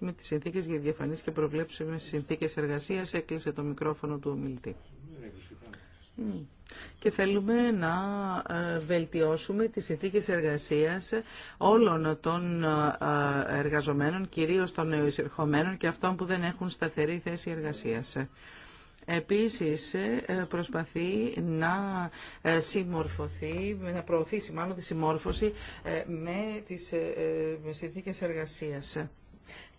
με τις συνθήκες για διαφανείς και προβλέψιμες συνθήκες εργασίας. Έκλεισε το μικρόφωνο του ομιλητή. Και θέλουμε να ε, βελτιώσουμε τις συνθήκες εργασίας όλων των ε, εργαζομένων, κυρίως των νεοεισερχομένων και αυτών που δεν έχουν σταθερή θέση εργασίας. Επίσης ε, προσπαθεί να συμμορφωθεί, να προωθήσει μάλλον τη συμμόρφωση με τις συνθήκες εργασίας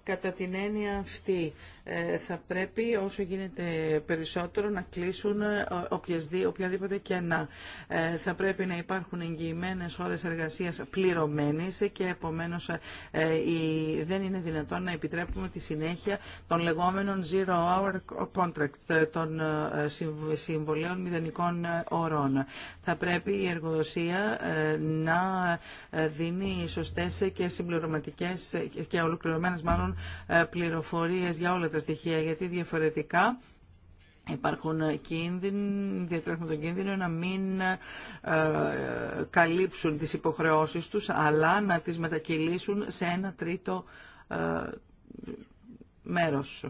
κατά την έννοια αυτή ε, θα πρέπει όσο γίνεται περισσότερο να κλείσουν ε, οποιαδήποτε κενά. Ε, θα πρέπει να υπάρχουν εγγυημένε ώρες εργασίας πληρωμένες και επομένως δεν είναι δυνατόν να επιτρέπουμε τη συνέχεια των λεγόμενων zero hour contract, των συμβολέων μηδενικών ωρών. Θα πρέπει η εργοδοσία να δίνει σωστές και συμπληρωματικές και ολοκληρωμένες μάλλον πληροφορίες για όλα τα στοιχεία γιατί διαφορετικά Υπάρχουν κίνδυνοι, διατρέχουν τον κίνδυνο να μην ε, καλύψουν τις υποχρεώσεις τους, αλλά να τις μετακυλήσουν σε ένα τρίτο ε, μέρος.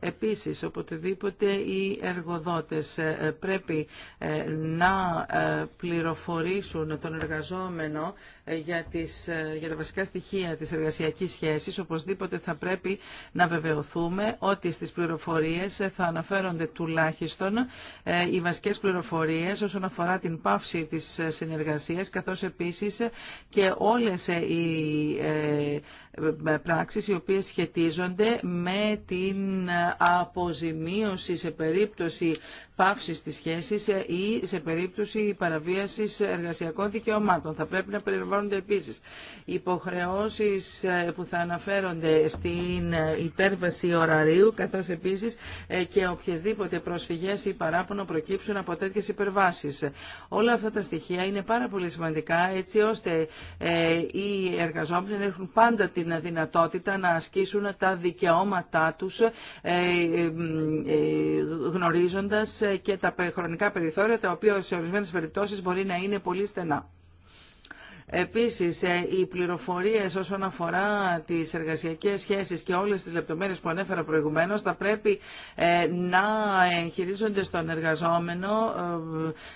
Επίσης, οποτεδήποτε οι εργοδότες ε, πρέπει ε, να ε, πληροφορήσουν τον εργαζόμενο για, τις, για τα βασικά στοιχεία της εργασιακής σχέσης, οπωσδήποτε θα πρέπει να βεβαιωθούμε ότι στις πληροφορίες θα αναφέρονται τουλάχιστον οι βασικές πληροφορίες όσον αφορά την πάυση της συνεργασίας, καθώς επίσης και όλες οι ε, πράξεις οι οποίες σχετίζονται με την αποζημίωση σε περίπτωση πάυση της σχέση ή σε περίπτωση ή σε περίπτωση παραβίασης εργασιακών δικαιωμάτων. Θα πρέπει να περιλαμβάνονται επίσης υποχρεώσεις ε, που θα αναφέρονται στην ε, υπέρβαση ωραρίου, καθώ επίσης ε, και οποιασδήποτε προσφυγέ ή παράπονο προκύψουν από τέτοιες υπερβάσεις. Όλα αυτά τα στοιχεία είναι πάρα πολύ σημαντικά έτσι ώστε οι εργαζόμενοι να έχουν πάντα την δυνατότητα να ασκήσουν τα δικαιώματά τους γνωρίζοντας και τα χρονικά περιθώρια, τα οποία σε ορισμένες περιπτώσεις μπορεί να είναι πολύ στενά. Επίσης, ε, οι πληροφορίες όσον αφορά τις εργασιακές σχέσεις και όλες τις λεπτομέρειες που ανέφερα προηγουμένως θα πρέπει ε, να εγχειρίζονται στον εργαζόμενο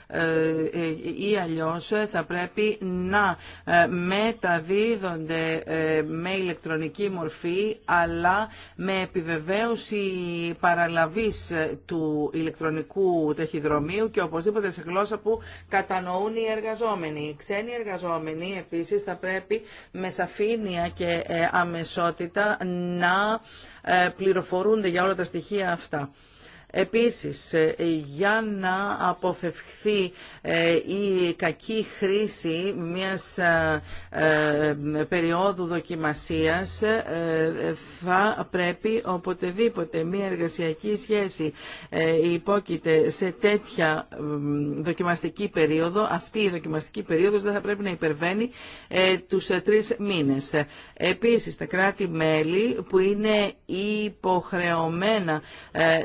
ε, ή αλλιώς θα πρέπει να μεταδίδονται με ηλεκτρονική μορφή αλλά με επιβεβαίωση παραλαβής του ηλεκτρονικού ταχυδρομείου και οπωσδήποτε σε γλώσσα που κατανοούν οι εργαζόμενοι. Οι ξένοι εργαζόμενοι επίσης θα πρέπει με σαφήνεια και ε, αμεσότητα να ε, πληροφορούνται για όλα τα στοιχεία αυτά. Επίσης, ε, για να αποφευχθεί ε, η κακή χρήση μιας ε, περίοδου δοκιμασίας, θα πρέπει οποτεδήποτε μια εργασιακή σχέση υπόκειται σε τέτοια δοκιμαστική περίοδο, αυτή η δοκιμαστική περίοδος δεν θα πρέπει να υπερβαίνει τους τρεις μήνες. Επίσης, τα κράτη-μέλη που είναι υποχρεωμένα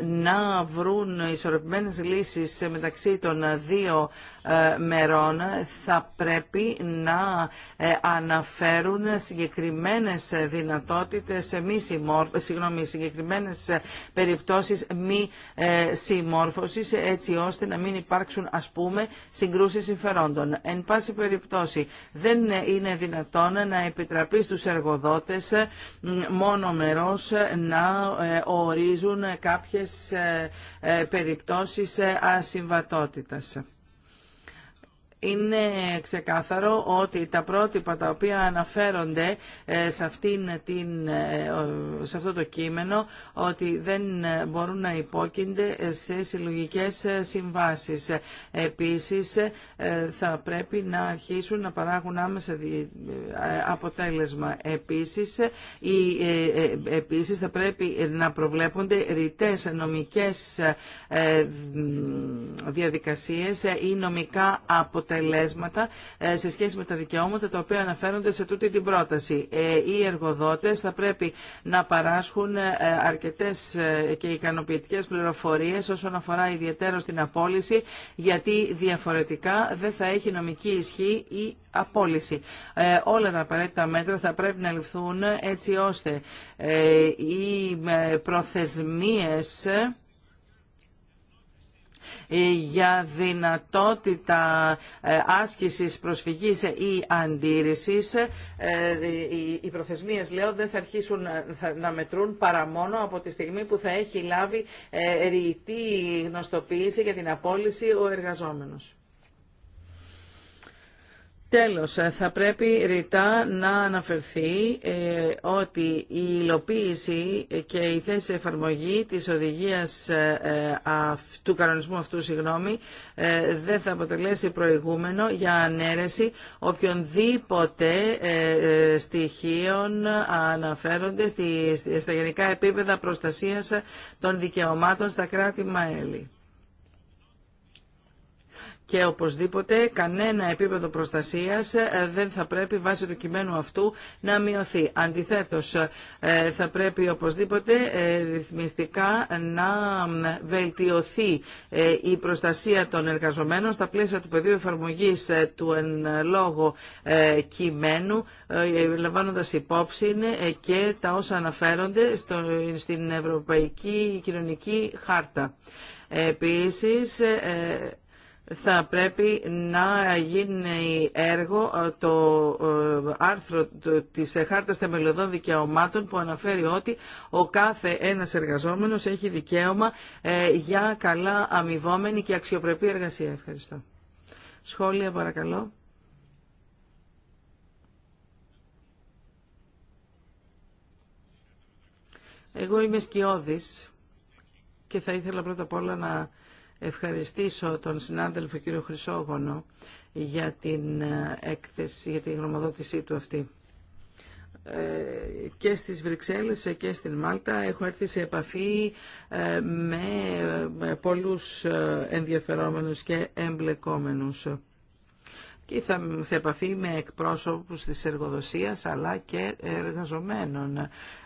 να βρουν ισορροπημένες λύσεις μεταξύ των δύο ε, μερών θα πρέπει να ε, αναφέρουν συγκεκριμένες δυνατότητες μη συμμόρ... συγγνώμη, συγκεκριμένες περιπτώσεις μη ε, συμμόρφωσης έτσι ώστε να μην υπάρξουν ας πούμε συγκρούσεις συμφερόντων. Εν πάση περιπτώσει δεν είναι δυνατόν να επιτραπεί στους εργοδότες μόνο μερός να ορίζουν κάποιες περιπτώσεις ασυμβατότητας είναι ξεκάθαρο ότι τα πρότυπα τα οποία αναφέρονται ε, σε, αυτήν την, ε, σε αυτό το κείμενο ότι δεν μπορούν να υπόκεινται σε συλλογικές συμβάσεις. Επίσης ε, θα πρέπει να αρχίσουν να παράγουν άμεσα αποτέλεσμα. Επίσης, η, επίσης θα πρέπει να προβλέπονται ρητές νομικές διαδικασίες ή νομικά αποτέλεσμα αποτελέσματα ε, σε σχέση με τα δικαιώματα τα οποία αναφέρονται σε τούτη την πρόταση. Ε, οι εργοδότες θα πρέπει να παράσχουν ε, αρκετές και ικανοποιητικές πληροφορίες όσον αφορά ιδιαίτερο στην απόλυση γιατί διαφορετικά δεν θα έχει νομική ισχύ η απόλυση. Όλα τα απαραίτητα μέτρα θα πρέπει να ληφθούν έτσι ώστε οι προθεσμίες ε, για δυνατότητα ε, άσκησης προσφυγής ή αντίρρησης. Ε, οι προθεσμίες, λέω, δεν θα αρχίσουν να μετρούν παρά μόνο από τη στιγμή που θα έχει λάβει ρητή γνωστοποίηση για την απόλυση ο εργαζόμενος. Τέλος, ε, θα πρέπει ρητά να αναφερθεί ε, ότι η υλοποίηση ε, και η θέση εφαρμογή της οδηγίας του κανονισμού αυτού συγγνώμη, δεν θα αποτελέσει προηγούμενο για ανέρεση οποιονδήποτε στοιχείων αναφέρονται στη, στα γενικά επίπεδα προστασίας των δικαιωμάτων στα κράτη-μέλη και οπωσδήποτε κανένα επίπεδο προστασίας ε, δεν θα πρέπει βάσει του κειμένου αυτού να μειωθεί. Αντιθέτως ε, θα πρέπει οπωσδήποτε ε, ρυθμιστικά να βελτιωθεί η προστασία των εργαζομένων στα πλαίσια του πεδίου εφαρμογής του εν λόγω κειμένου λαμβάνοντας υπόψη και τα όσα αναφέρονται στην Ευρωπαϊκή Κοινωνική Χάρτα. Επίσης, θα πρέπει να γίνει έργο ε, το ε, άρθρο της Χάρτας Θεμελιωδών Δικαιωμάτων που αναφέρει ότι ο κάθε ένας εργαζόμενος έχει δικαίωμα ε, για καλά αμοιβόμενη και αξιοπρεπή εργασία. Ευχαριστώ. Σχόλια παρακαλώ. Εγώ είμαι σκιώδης και θα ήθελα πρώτα απ' όλα να ευχαριστήσω τον συνάδελφο κύριο Χρυσόγωνο για την ε, έκθεση, για την γνωμοδότησή του αυτή. Ε, και στις Βρυξέλλες ε, και στην Μάλτα έχω έρθει σε επαφή με πολλούς ενδιαφερόμενους και εμπλεκόμενους και θα σε επαφή με εκπρόσωπους της εργοδοσίας αλλά και εργαζομένων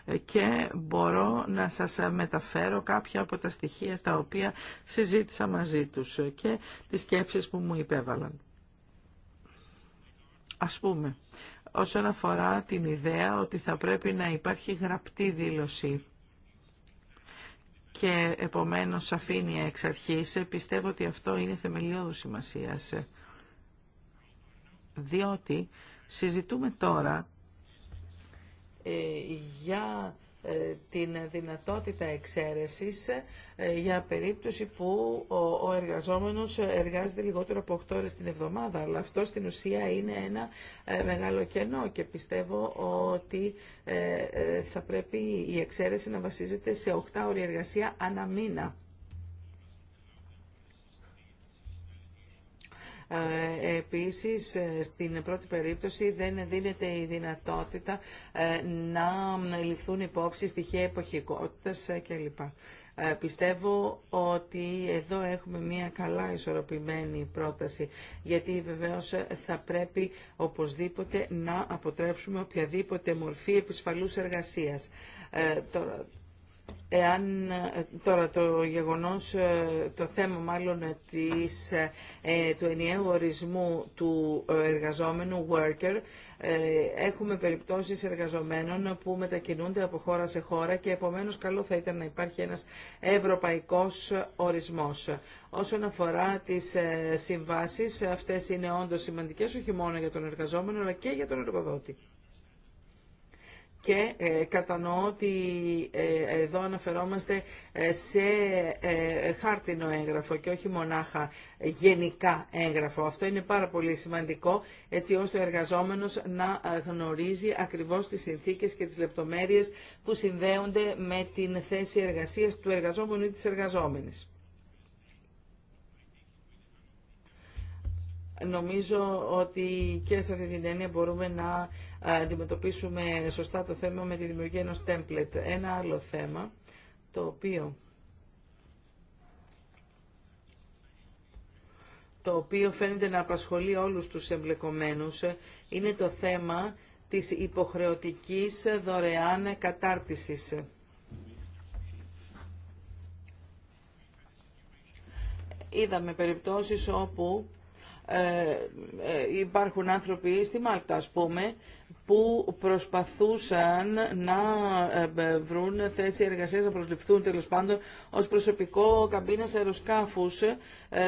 ε, και μπορώ να σας μεταφέρω κάποια από τα στοιχεία τα οποία συζήτησα μαζί τους και τις σκέψεις που μου υπέβαλαν. Ας πούμε, όσον αφορά την ιδέα ότι θα πρέπει να υπάρχει γραπτή δήλωση και επομένως αφήνει εξ αρχής, πιστεύω ότι αυτό είναι θεμελιώδου σημασίας διότι συζητούμε τώρα ε, για ε, την δυνατότητα εξαίρεσης ε, για περίπτωση που ο εργαζόμενος εργάζεται λιγότερο από 8 ώρες την εβδομάδα. Αλλά αυτό στην ουσία είναι ένα μεγάλο κενό και πιστεύω ότι θα πρέπει η εξαίρεση να βασίζεται σε 8 ώρες εργασία ανά μήνα. Επίσης, ε, στην πρώτη περίπτωση δεν δίνεται η δυνατότητα ε, να ληφθούν υπόψη στοιχεία εποχικότητας ε, κλπ. Πιστεύω ότι εδώ έχουμε μια καλά ισορροπημένη πρόταση, γιατί βεβαίως θα πρέπει οπωσδήποτε να αποτρέψουμε οποιαδήποτε μορφή επισφαλούς εργασίας. Εάν ε, τώρα το γεγονός, ε, το θέμα μάλλον της, ε, του ενιαίου ορισμού του εργαζόμενου worker, έχουμε περιπτώσεις εργαζομένων που μετακινούνται από χώρα σε χώρα και επομένως καλό θα ήταν να υπάρχει ένας ευρωπαϊκός ορισμός. Όσον αφορά τις συμβάσεις, αυτές είναι όντως σημαντικές όχι μόνο για τον εργαζόμενο αλλά και για τον εργοδότη και ε, κατανοώ ότι ε, εδώ αναφερόμαστε ε, σε χάρτινο έγγραφο και όχι μονάχα γενικά έγγραφο. Αυτό είναι πάρα πολύ σημαντικό έτσι ώστε ο εργαζόμενος να γνωρίζει ακριβώς τις συνθήκες και τις λεπτομέρειες που συνδέονται με την θέση εργασίας του εργαζόμενου ή της εργαζόμενης. Νομίζω ότι και σε αυτή την έννοια μπορούμε να αντιμετωπίσουμε σωστά το θέμα με τη δημιουργία ενός template. Ένα άλλο θέμα, το οποίο το οποίο φαίνεται να απασχολεί όλους τους εμπλεκομένους, είναι το θέμα της υποχρεωτικής δωρεάν κατάρτισης. Είδαμε περιπτώσεις όπου ε, ε υπάρχουν άνθρωποι στη Μάλτα, ας πούμε, που προσπαθούσαν να ε, βρουν θέση εργασίας, να προσληφθούν τέλος πάντων ως προσωπικό καμπίνας αεροσκάφους ε,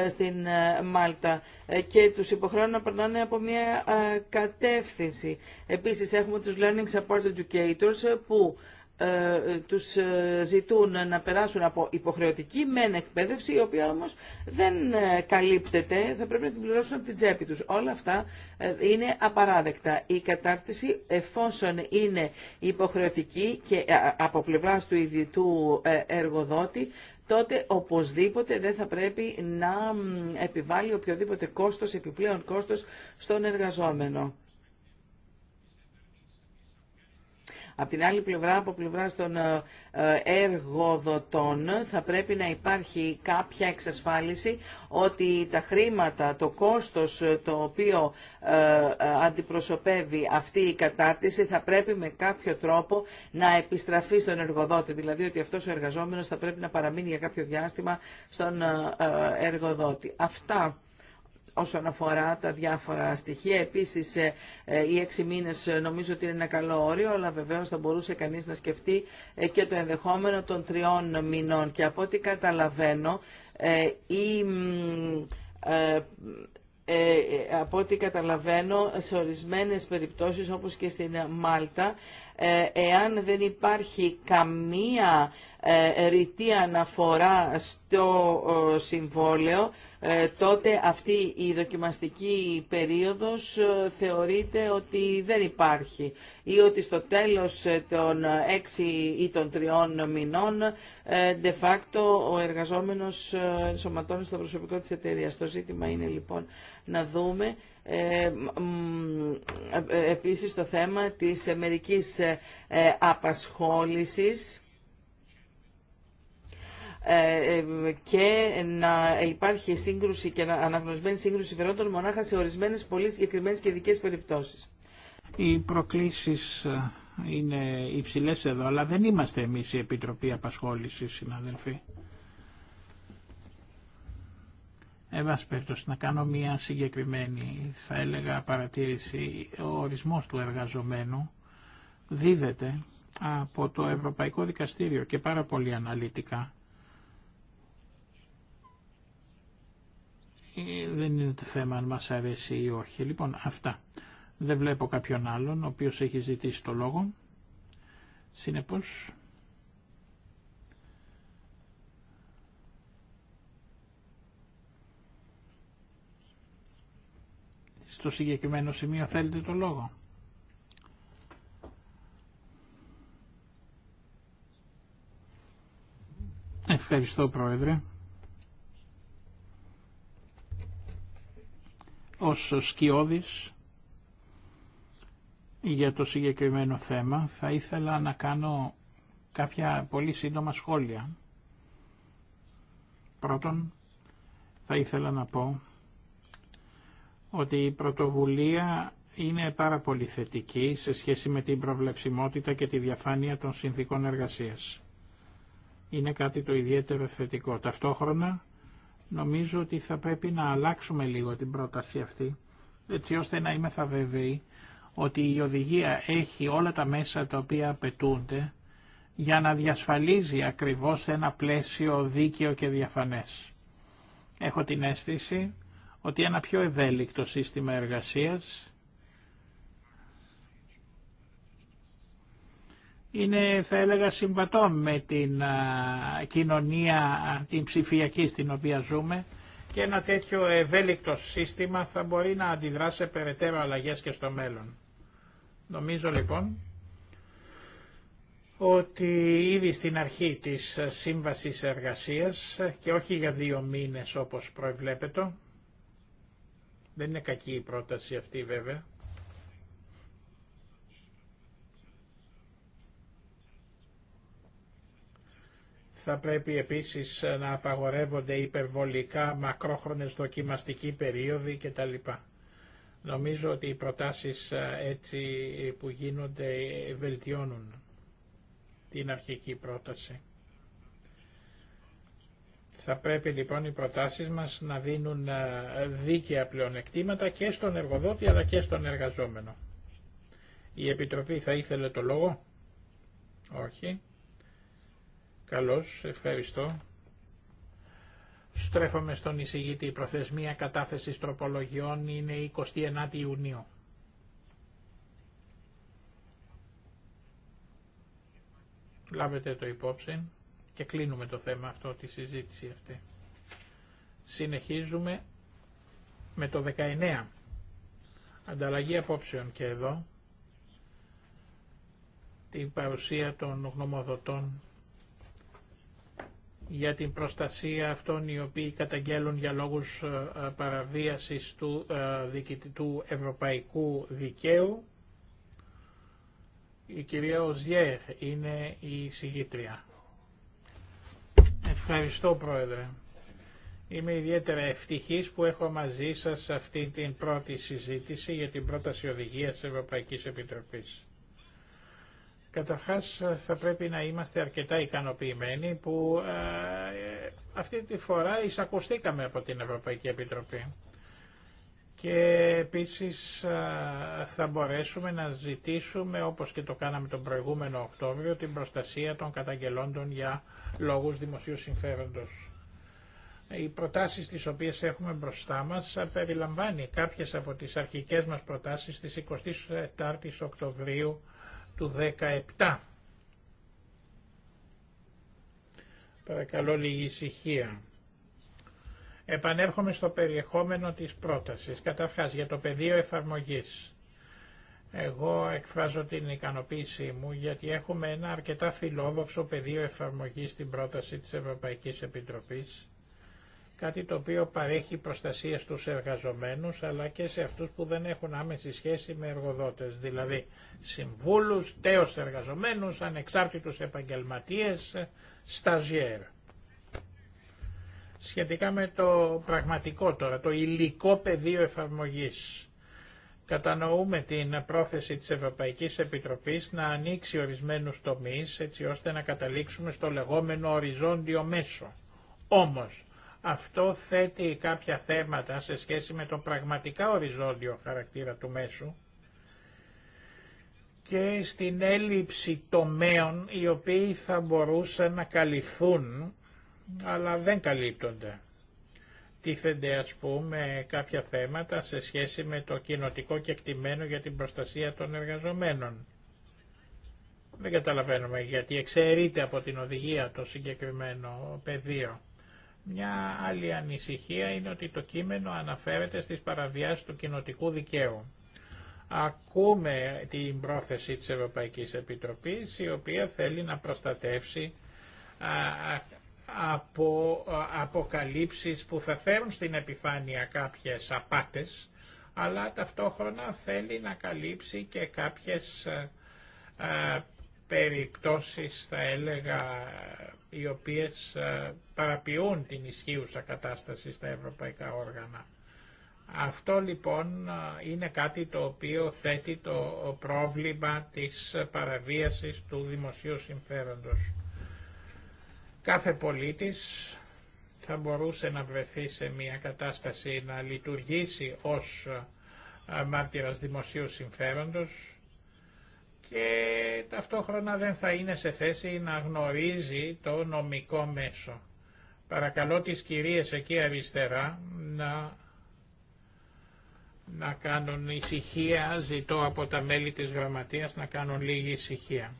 στην ε, Μάλτα και τους υποχρεώνουν να περνάνε από μια κατεύθυνση. Επίσης έχουμε τους Learning Support Educators που ε, τους ε, ζητούν να περάσουν από υποχρεωτική μεν εκπαίδευση, η οποία όμως δεν ε, καλύπτεται, θα πρέπει να την πληρώσουν από την τσέπη τους. Όλα αυτά είναι απαράδεκτα. Η κατάρτιση εφόσον είναι υποχρεωτική και από πλευράς του ιδιωτού εργοδότη, τότε οπωσδήποτε δεν θα πρέπει να επιβάλλει οποιοδήποτε κόστος, επιπλέον κόστος στον εργαζόμενο. Από την άλλη πλευρά, από πλευρά των ε, ε, εργοδοτών, θα πρέπει να υπάρχει κάποια εξασφάλιση ότι τα χρήματα, το κόστος ε, το οποίο αντιπροσωπεύει αυτή η κατάρτιση θα πρέπει με κάποιο τρόπο να επιστραφεί στον εργοδότη. Δηλαδή ότι αυτός ο εργαζόμενος θα πρέπει να παραμείνει για κάποιο διάστημα στον εργοδότη. Αυτά όσον αφορά τα διάφορα στοιχεία. Επίσης, ε, ε, οι έξι μήνες ε, νομίζω ότι είναι ένα καλό όριο, αλλά βεβαίως θα μπορούσε κανείς να σκεφτεί και το ενδεχόμενο των τριών μηνών. Και από ό,τι καταλαβαίνω, η από ό,τι καταλαβαίνω, σε ορισμένες περιπτώσεις όπως και στην Μάλτα ε, εάν δεν υπάρχει καμία ε, ρητή αναφορά στο συμβόλαιο, ε, τότε αυτή η δοκιμαστική περίοδος θεωρείται ότι δεν υπάρχει ή ότι στο τέλος των έξι ή των τριών μηνών de facto ο εργαζόμενος ενσωματώνει στο προσωπικό της εταιρείας. Το ζήτημα είναι λοιπόν να δούμε ε, ε, ε, επίσης το θέμα της μερικής απασχόλησης και να υπάρχει σύγκρουση και να αναγνωρισμένη σύγκρουση συμφερόντων μονάχα σε ορισμένες πολύ συγκεκριμένες και ειδικές περιπτώσεις. Οι προκλήσεις είναι υψηλές εδώ, αλλά δεν είμαστε εμείς η Επιτροπή Απασχόλησης, συναδελφοί. Εμπάσπευτος, να κάνω μια συγκεκριμένη, θα έλεγα, παρατήρηση. Ο ορισμός του εργαζομένου δίδεται από το Ευρωπαϊκό Δικαστήριο και πάρα πολύ αναλυτικά. Ε, δεν είναι το θέμα αν μας αρέσει ή όχι. Λοιπόν, αυτά. Δεν βλέπω κάποιον άλλον ο οποίος έχει ζητήσει το λόγο. Συνεπώς... στο συγκεκριμένο σημείο θέλετε το λόγο. Ευχαριστώ Πρόεδρε. Ως σκιώδης για το συγκεκριμένο θέμα θα ήθελα να κάνω κάποια πολύ σύντομα σχόλια. Πρώτον, θα ήθελα να πω ότι η πρωτοβουλία είναι πάρα πολύ θετική σε σχέση με την προβλεψιμότητα και τη διαφάνεια των συνθήκων εργασίας. Είναι κάτι το ιδιαίτερο θετικό. Ταυτόχρονα νομίζω ότι θα πρέπει να αλλάξουμε λίγο την πρόταση αυτή, έτσι ώστε να είμαι θα ότι η οδηγία έχει όλα τα μέσα τα οποία απαιτούνται για να διασφαλίζει ακριβώς ένα πλαίσιο δίκαιο και διαφανές. Έχω την αίσθηση ότι ένα πιο ευέλικτο σύστημα εργασίας είναι θα έλεγα συμβατό με την κοινωνία την ψηφιακή στην οποία ζούμε και ένα τέτοιο ευέλικτο σύστημα θα μπορεί να αντιδράσει περαιτέρω αλλαγές και στο μέλλον. Νομίζω λοιπόν ότι ήδη στην αρχή της σύμβασης εργασίας και όχι για δύο μήνες όπως προεβλέπετο δεν είναι κακή η πρόταση αυτή βέβαια. Θα πρέπει επίσης να απαγορεύονται υπερβολικά μακρόχρονες δοκιμαστικοί περίοδοι κτλ. Νομίζω ότι οι προτάσεις ε, έτσι που γίνονται βελτιώνουν την αρχική πρόταση. Θα πρέπει λοιπόν οι προτάσεις μας να δίνουν ε, δίκαια πλεονεκτήματα και στον εργοδότη αλλά και στον εργαζόμενο. Η Επιτροπή θα ήθελε το λόγο. Όχι. Καλώς, ευχαριστώ. Στρέφομαι στον εισηγήτη. Η προθεσμία κατάθεσης τροπολογιών είναι 29 Ιουνίου. Λάβετε το υπόψη. Και κλείνουμε το θέμα αυτό, τη συζήτηση αυτή. Συνεχίζουμε με το 19. Ανταλλαγή απόψεων και εδώ. Την παρουσία των γνωμοδοτών για την προστασία αυτών οι οποίοι καταγγέλουν για λόγους ε, ε, παραβίασης του, ε, του ευρωπαϊκού δικαίου. Η κυρία Οζιέρ είναι η συγγήτρια. Ευχαριστώ Πρόεδρε. Είμαι ιδιαίτερα ευτυχής που έχω μαζί σας αυτή την πρώτη συζήτηση για την πρόταση οδηγίας Ευρωπαϊκής Επιτροπής. Καταρχάς θα πρέπει να είμαστε αρκετά ικανοποιημένοι που ε, αυτή τη φορά εισακουστήκαμε από την Ευρωπαϊκή Επιτροπή και επίσης θα μπορέσουμε να ζητήσουμε, όπως και το κάναμε τον προηγούμενο Οκτώβριο, την προστασία των καταγγελόντων για λόγους δημοσίου συμφέροντος. Οι προτάσεις τις οποίες έχουμε μπροστά μας περιλαμβάνει κάποιες από τις αρχικές μας προτάσεις της 24ης Οκτωβρίου του 2017. Παρακαλώ λίγη ησυχία. Επανέρχομαι στο περιεχόμενο της πρότασης. Καταρχάς για το πεδίο εφαρμογής. Εγώ εκφράζω την ικανοποίησή μου γιατί έχουμε ένα αρκετά φιλόδοξο πεδίο εφαρμογής στην πρόταση της Ευρωπαϊκής Επιτροπής, κάτι το οποίο παρέχει προστασία στους εργαζομένους αλλά και σε αυτούς που δεν έχουν άμεση σχέση με εργοδότες, δηλαδή συμβούλους, τέος εργαζομένους, ανεξάρτητους επαγγελματίες, σταζιέρ σχετικά με το πραγματικό τώρα, το υλικό πεδίο εφαρμογής. Κατανοούμε την πρόθεση της Ευρωπαϊκής Επιτροπής να ανοίξει ορισμένους τομείς έτσι ώστε να καταλήξουμε στο λεγόμενο οριζόντιο μέσο. Όμως, αυτό θέτει κάποια θέματα σε σχέση με το πραγματικά οριζόντιο χαρακτήρα του μέσου και στην έλλειψη τομέων οι οποίοι θα μπορούσαν να καλυφθούν αλλά δεν καλύπτονται. Τίθενται ας πούμε κάποια θέματα σε σχέση με το κοινοτικό κεκτημένο για την προστασία των εργαζομένων. Δεν καταλαβαίνουμε γιατί εξαιρείται από την οδηγία το συγκεκριμένο πεδίο. Μια άλλη ανησυχία είναι ότι το κείμενο αναφέρεται στις παραβιάσεις του κοινοτικού δικαίου. Ακούμε την πρόθεση της Ευρωπαϊκής Επιτροπής η οποία θέλει να προστατεύσει από ε, αποκαλύψεις που θα φέρουν στην επιφάνεια κάποιες απάτες, αλλά ταυτόχρονα θέλει να καλύψει και κάποιες ε, ε, περιπτώσεις θα έλεγα οι οποίες παραποιούν την ισχύουσα κατάσταση στα ευρωπαϊκά όργανα. Αυτό λοιπόν είναι κάτι το οποίο θέτει το πρόβλημα της παραβίασης του δημοσίου συμφέροντος. Κάθε πολίτης θα μπορούσε να βρεθεί σε μια κατάσταση να λειτουργήσει ως ε, μάρτυρας δημοσίου συμφέροντος και ταυτόχρονα δεν θα είναι σε θέση να γνωρίζει το νομικό μέσο. Παρακαλώ τις κυρίες εκεί αριστερά να, να κάνουν ησυχία, ζητώ από τα μέλη της γραμματείας να κάνουν λίγη ησυχία.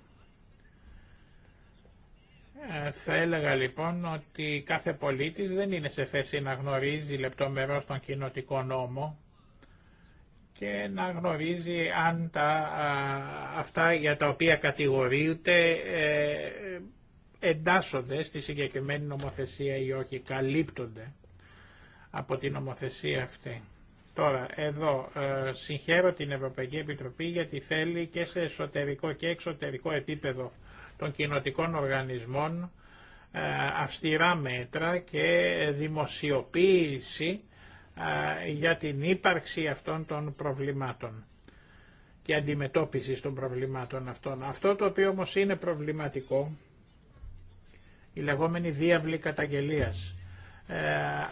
Ε, θα έλεγα λοιπόν ότι κάθε πολίτης δεν είναι σε θέση να γνωρίζει λεπτομερώς τον κοινοτικό νόμο και να γνωρίζει αν τα, αυτά για τα οποία κατηγορείται ε, εντάσσονται στη συγκεκριμένη νομοθεσία ή όχι, καλύπτονται από την νομοθεσία αυτή. Τώρα, εδώ ε, συγχαίρω την Ευρωπαϊκή Επιτροπή γιατί θέλει και σε εσωτερικό και εξωτερικό επίπεδο των κοινοτικών οργανισμών ε, αυστηρά μέτρα και δημοσιοποίηση ε, για την ύπαρξη αυτών των προβλημάτων και αντιμετώπιση των προβλημάτων αυτών. Αυτό το οποίο όμως είναι προβληματικό, η λεγόμενη διάβλη καταγγελίας.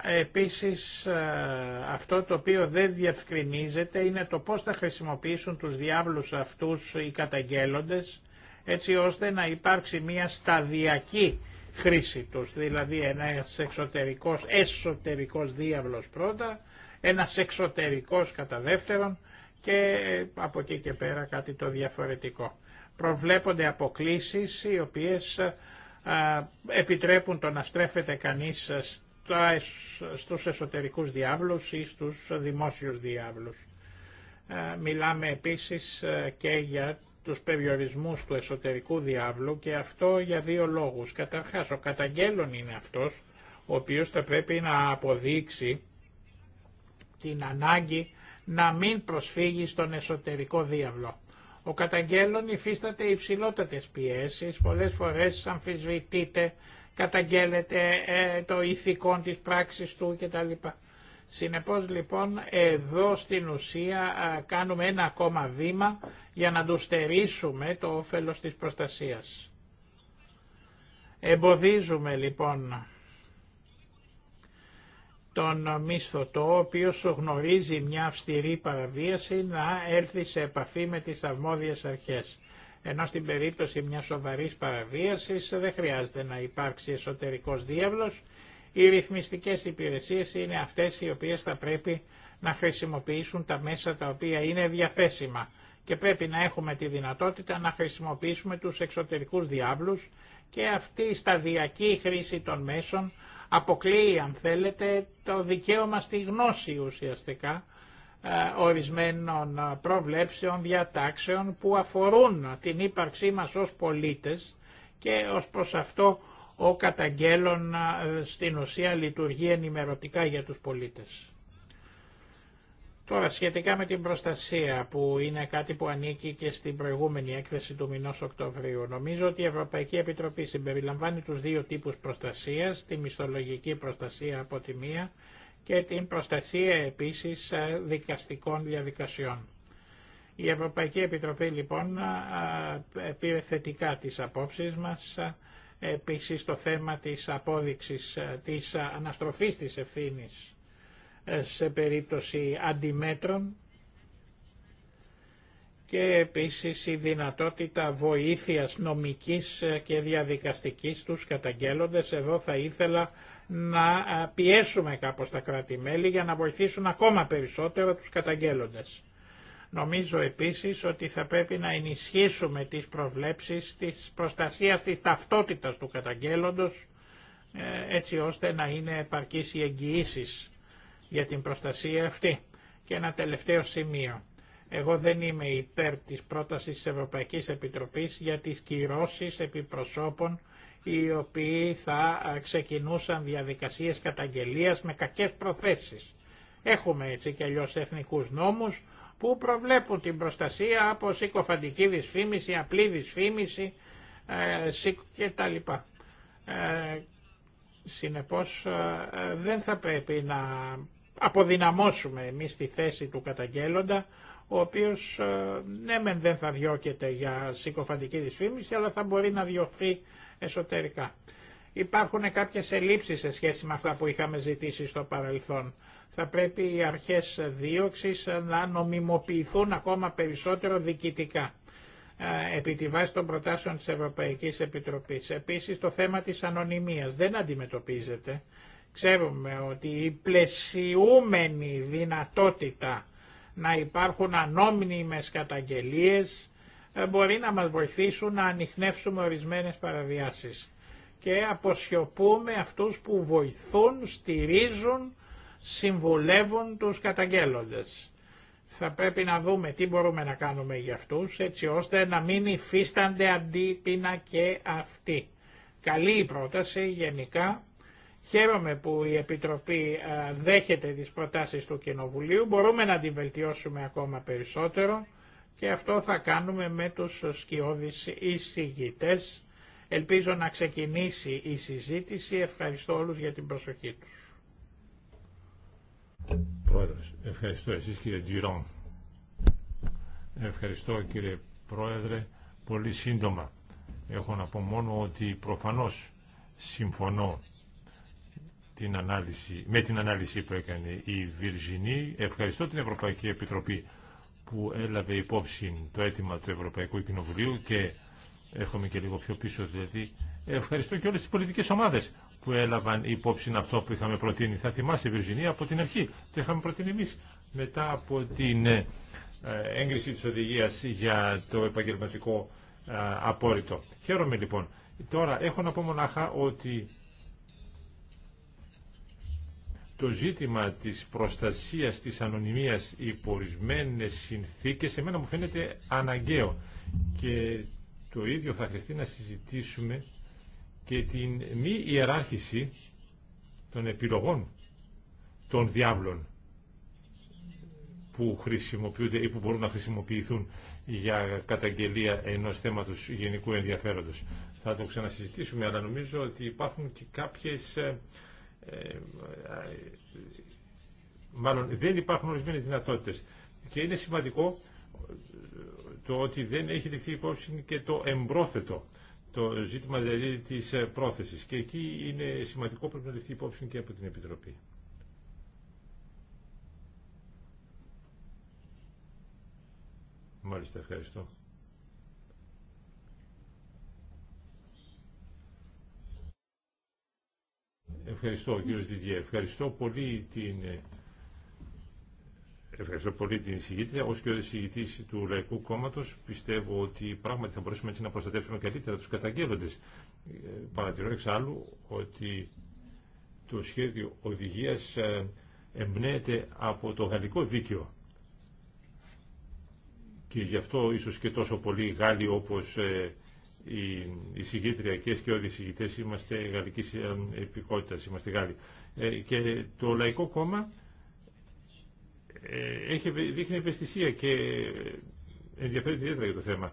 Ε, επίσης ε, αυτό το οποίο δεν διευκρινίζεται είναι το πώς θα χρησιμοποιήσουν τους διάβλους αυτούς οι καταγγέλλοντες έτσι ώστε να υπάρξει μια σταδιακή χρήση τους, δηλαδή ένας εξωτερικός, εσωτερικός διάβλος πρώτα, ένας εξωτερικός κατά δεύτερον και από εκεί και πέρα κάτι το διαφορετικό. Προβλέπονται αποκλήσεις οι οποίες επιτρέπουν το να στρέφεται κανείς στους εσωτερικούς διάβλους ή στους δημόσιους διάβλους. Μιλάμε επίσης και για τους περιορισμούς του εσωτερικού διάβλου και αυτό για δύο λόγους. Καταρχάς, ο καταγγέλων είναι αυτός ο οποίος θα πρέπει να αποδείξει την ανάγκη να μην προσφύγει στον εσωτερικό διάβλο. Ο καταγγέλων υφίσταται υψηλότατες πιέσεις, πολλές φορές αμφισβητείται, καταγγέλλεται ε, το ηθικό της πράξης του κτλ. Συνεπώς λοιπόν εδώ στην ουσία κάνουμε ένα ακόμα βήμα για να του στερήσουμε το όφελος της προστασίας. Εμποδίζουμε λοιπόν τον μίσθωτο, ο οποίος γνωρίζει μια αυστηρή παραβίαση, να έρθει σε επαφή με τις αρμόδιες αρχές. Ενώ στην περίπτωση μιας σοβαρής παραβίασης δεν χρειάζεται να υπάρξει εσωτερικός διάβλος, οι ρυθμιστικές υπηρεσίες είναι αυτές οι οποίες θα πρέπει να χρησιμοποιήσουν τα μέσα τα οποία είναι διαθέσιμα και πρέπει να έχουμε τη δυνατότητα να χρησιμοποιήσουμε τους εξωτερικούς διάβλους και αυτή η σταδιακή χρήση των μέσων αποκλείει αν θέλετε το δικαίωμα στη γνώση ουσιαστικά ε, ορισμένων ε, προβλέψεων, διατάξεων που αφορούν την ύπαρξή μας ως πολίτες και ως προς αυτό ο καταγγέλων στην ουσία λειτουργεί ενημερωτικά για τους πολίτες. Τώρα σχετικά με την προστασία που είναι κάτι που ανήκει και στην προηγούμενη έκθεση του μηνός Οκτωβρίου. Νομίζω ότι η Ευρωπαϊκή Επιτροπή συμπεριλαμβάνει τους δύο τύπους προστασίας, τη μισθολογική προστασία από τη μία και την προστασία επίσης δικαστικών διαδικασιών. Η Ευρωπαϊκή Επιτροπή λοιπόν πήρε θετικά τις απόψεις μας Επίσης το θέμα της απόδειξης, ε, της αναστροφής της ευθύνης ε, σε περίπτωση αντιμέτρων και επίσης η δυνατότητα βοήθειας νομικής ε, και διαδικαστικής τους καταγγέλλοντες. Εδώ θα ήθελα να πιέσουμε κάπως τα κράτη-μέλη για να βοηθήσουν ακόμα περισσότερο τους καταγγέλλοντες. Νομίζω επίσης ότι θα πρέπει να ενισχύσουμε τις προβλέψεις της προστασίας της ταυτότητας του καταγγέλλοντος ε, έτσι ώστε να είναι επαρκής οι εγγυήσει για την προστασία αυτή. Και ένα τελευταίο σημείο. Εγώ δεν είμαι υπέρ της πρότασης της Ευρωπαϊκής Επιτροπής για τις κυρώσεις επιπροσώπων οι οποίοι θα ε, ξεκινούσαν διαδικασίες καταγγελίας με κακές προθέσεις. Έχουμε έτσι και αλλιώς εθνικούς νόμους που προβλέπουν την προστασία από συκοφαντική δυσφήμιση, απλή δυσφήμιση ε, κτλ. Ε, συνεπώς ε, δεν θα πρέπει να αποδυναμώσουμε εμείς τη θέση του καταγγέλλοντα, ο οποίος ε, ναι μεν δεν θα διώκεται για συκοφαντική δυσφήμιση, αλλά θα μπορεί να διωχθεί εσωτερικά. Υπάρχουν κάποιες ελλείψεις σε σχέση με αυτά που είχαμε ζητήσει στο παρελθόν. Θα πρέπει οι αρχές δίωξης να νομιμοποιηθούν ακόμα περισσότερο διοικητικά ε, επί τη βάση των προτάσεων της Ευρωπαϊκής Επιτροπής. Επίσης το θέμα της ανωνυμίας δεν αντιμετωπίζεται. Ξέρουμε ότι η πλαισιούμενη δυνατότητα να υπάρχουν ανώνυμες καταγγελίες ε, μπορεί να μας βοηθήσουν να ανοιχνεύσουμε ορισμένες παραβιάσεις και αποσιωπούμε αυτούς που βοηθούν, στηρίζουν, συμβουλεύουν τους καταγγέλλοντες. Θα πρέπει να δούμε τι μπορούμε να κάνουμε για αυτούς έτσι ώστε να μην υφίστανται αντίπεινα και αυτοί. Καλή η πρόταση γενικά. Χαίρομαι που η Επιτροπή δέχεται τις προτάσεις του Κοινοβουλίου. Μπορούμε να την βελτιώσουμε ακόμα περισσότερο και αυτό θα κάνουμε με τους σκιώδεις εισηγητές Ελπίζω να ξεκινήσει η συζήτηση. Ευχαριστώ όλους για την προσοχή τους. Πρόεδρος, ευχαριστώ εσείς κύριε Τζιρόν. Ευχαριστώ κύριε Πρόεδρε. Πολύ σύντομα έχω να πω μόνο ότι προφανώς συμφωνώ την με την ανάλυση που έκανε η Βιρζινή. Ευχαριστώ την Ευρωπαϊκή Επιτροπή που έλαβε υπόψη το αίτημα του Ευρωπαϊκού Κοινοβουλίου και Έρχομαι και λίγο πιο πίσω, δηλαδή ευχαριστώ και όλες τις πολιτικές ομάδες που έλαβαν υπόψη αυτό που είχαμε προτείνει. Θα θυμάσαι, Βιρζινία, από την αρχή το είχαμε προτείνει εμείς. Μετά από την ε, έγκριση της οδηγίας για το επαγγελματικό ε, απόρριτο. Χαίρομαι λοιπόν. Τώρα έχω να πω μονάχα ότι το ζήτημα της προστασίας της ανωνυμίας υπορισμένες συνθήκες εμένα μου φαίνεται αναγκαίο και το ίδιο θα χρειαστεί να συζητήσουμε και την μη ιεράρχηση των επιλογών των διάβλων που χρησιμοποιούνται ή που μπορούν να χρησιμοποιηθούν για καταγγελία ενός θέματος γενικού ενδιαφέροντος. Θα το ξανασυζητήσουμε, αλλά νομίζω ότι υπάρχουν και κάποιες... Ε, ε, μάλλον δεν υπάρχουν ορισμένες δυνατότητες. Και είναι σημαντικό το ότι δεν έχει ληφθεί υπόψη και το εμπρόθετο, το ζήτημα δηλαδή της ε, πρόθεσης. Και εκεί είναι σημαντικό πρέπει να ληφθεί υπόψη και από την Επιτροπή. Μάλιστα, ευχαριστώ. Ευχαριστώ κύριο Διδιέ. Ευχαριστώ πολύ την ε, Ευχαριστώ πολύ την εισηγήτρια. Ω και ο εισηγητή του Λαϊκού Κόμματο, πιστεύω ότι πράγματι θα μπορέσουμε έτσι να προστατεύσουμε καλύτερα του καταγγέλλοντε. Ε, παρατηρώ εξάλλου ότι το σχέδιο οδηγία ε, εμπνέεται από το γαλλικό δίκαιο. Και γι' αυτό ίσω και τόσο πολλοί Γάλλοι όπω οι ε, εισηγήτρια και οι εισηγητέ είμαστε γαλλική επικότητα, είμαστε Γάλλοι. Και το Λαϊκό Κόμμα ε, έχει, δείχνει ευαισθησία και ενδιαφέρει ιδιαίτερα για το θέμα.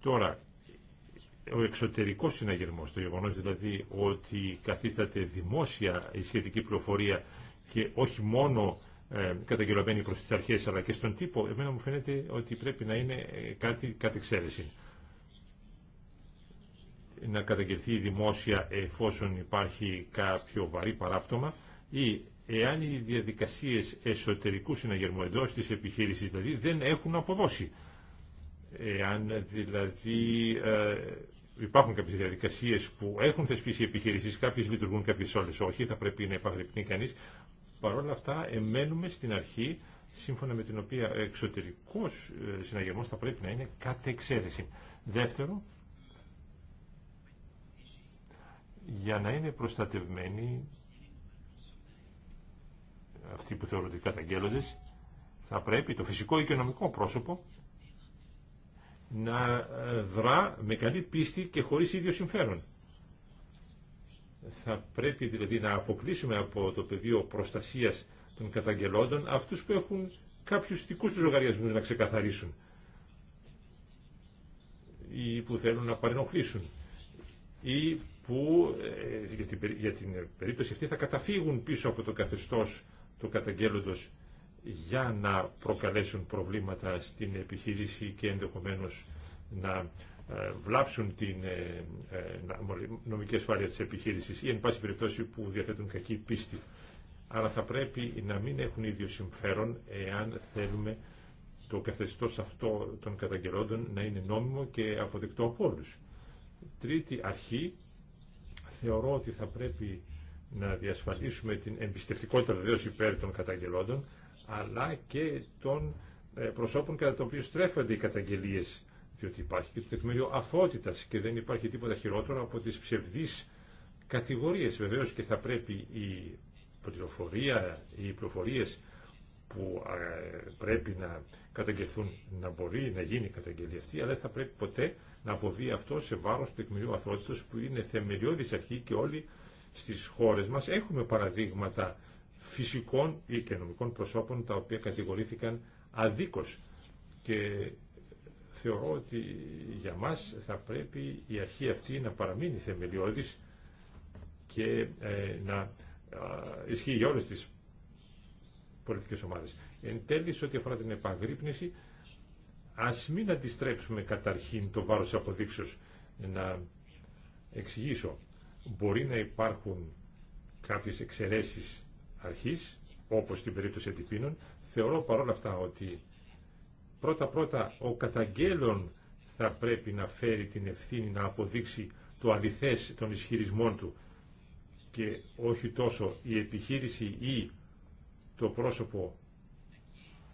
Τώρα, ο εξωτερικό συναγερμό, το γεγονό, δηλαδή ότι καθίσταται δημόσια η σχετική πληροφορία και όχι μόνο ε, καταγγελωμένη προς τις αρχές αλλά και στον τύπο, εμένα μου φαίνεται ότι πρέπει να είναι ε, κάτι εξαίρεση. Να καταγγελθεί δημόσια εφόσον υπάρχει κάποιο βαρύ παράπτωμα ή εάν οι διαδικασίες εσωτερικού συναγερμού εντός της επιχείρησης δηλαδή δεν έχουν αποδώσει. Εάν δηλαδή ε, υπάρχουν κάποιες διαδικασίες που έχουν θεσπίσει οι επιχειρήσεις, κάποιες λειτουργούν, κάποιες όλες όχι, θα πρέπει να επαγρυπνεί κανείς. Παρ' όλα αυτά εμένουμε στην αρχή σύμφωνα με την οποία εξωτερικός ε, συναγερμός θα πρέπει να είναι κάθε εξαίρεση. Δεύτερο, για να είναι προστατευμένη αυτοί που θεωρούνται καταγγέλλοντες, θα πρέπει το φυσικό οικονομικό πρόσωπο να ε, δρά με καλή πίστη και χωρίς ίδιο συμφέρον. Θα πρέπει δηλαδή να αποκλείσουμε από το πεδίο προστασίας των καταγγελόντων αυτούς που έχουν κάποιους δικούς τους λογαριασμούς να ξεκαθαρίσουν ή που θέλουν να παρενοχλήσουν ή που ε, ε, για την περίπτωση αυτή θα καταφύγουν πίσω από το καθεστώς του καταγγέλλοντος για να προκαλέσουν προβλήματα στην επιχείρηση και ενδεχομένως να ε, βλάψουν την ε, ε, νομική ασφάλεια της επιχείρησης ή εν πάση περιπτώσει που διαθέτουν κακή πίστη. Αλλά θα πρέπει να μην έχουν ίδιο συμφέρον εάν θέλουμε το καθεστώς αυτό των καταγγελόντων να είναι νόμιμο και αποδεκτό από όλους. Τρίτη αρχή, θεωρώ ότι θα πρέπει να διασφαλίσουμε την εμπιστευτικότητα βεβαίω υπέρ των καταγγελόντων, αλλά και των ε, προσώπων κατά το οποίο στρέφονται οι καταγγελίε διότι υπάρχει και το τεκμήριο αθότητας και δεν υπάρχει τίποτα χειρότερο από τι ψευδει κατηγορίε. Βεβαίω και θα πρέπει η πληροφορία, οι πληροφορίε που πρέπει να καταγγελθούν να μπορεί να γίνει η καταγγελία αυτή, αλλά θα πρέπει ποτέ να αποβεί αυτό σε βάρος του τεκμηρίου αθότητος που είναι θεμελιώδης αρχή και όλοι στις χώρες μας. Έχουμε παραδείγματα φυσικών ή και νομικών προσώπων τα οποία κατηγορήθηκαν αδίκως και θεωρώ ότι για μας θα πρέπει η αρχή αυτή να παραμείνει θεμελιώδης και ε, να ισχύει για όλες τις πολιτικές ομάδες. Εν τέλει, σε ό,τι αφορά την επαγρύπνηση, ας μην αντιστρέψουμε καταρχήν το βάρος αποδείξεως. Να εξηγήσω. Μπορεί να υπάρχουν κάποιες εξαιρέσεις αρχής, όπως στην περίπτωση αντιπίνων. Θεωρώ παρόλα αυτά ότι πρώτα-πρώτα ο καταγγέλων θα πρέπει να φέρει την ευθύνη να αποδείξει το αληθές των ισχυρισμών του και όχι τόσο η επιχείρηση ή το πρόσωπο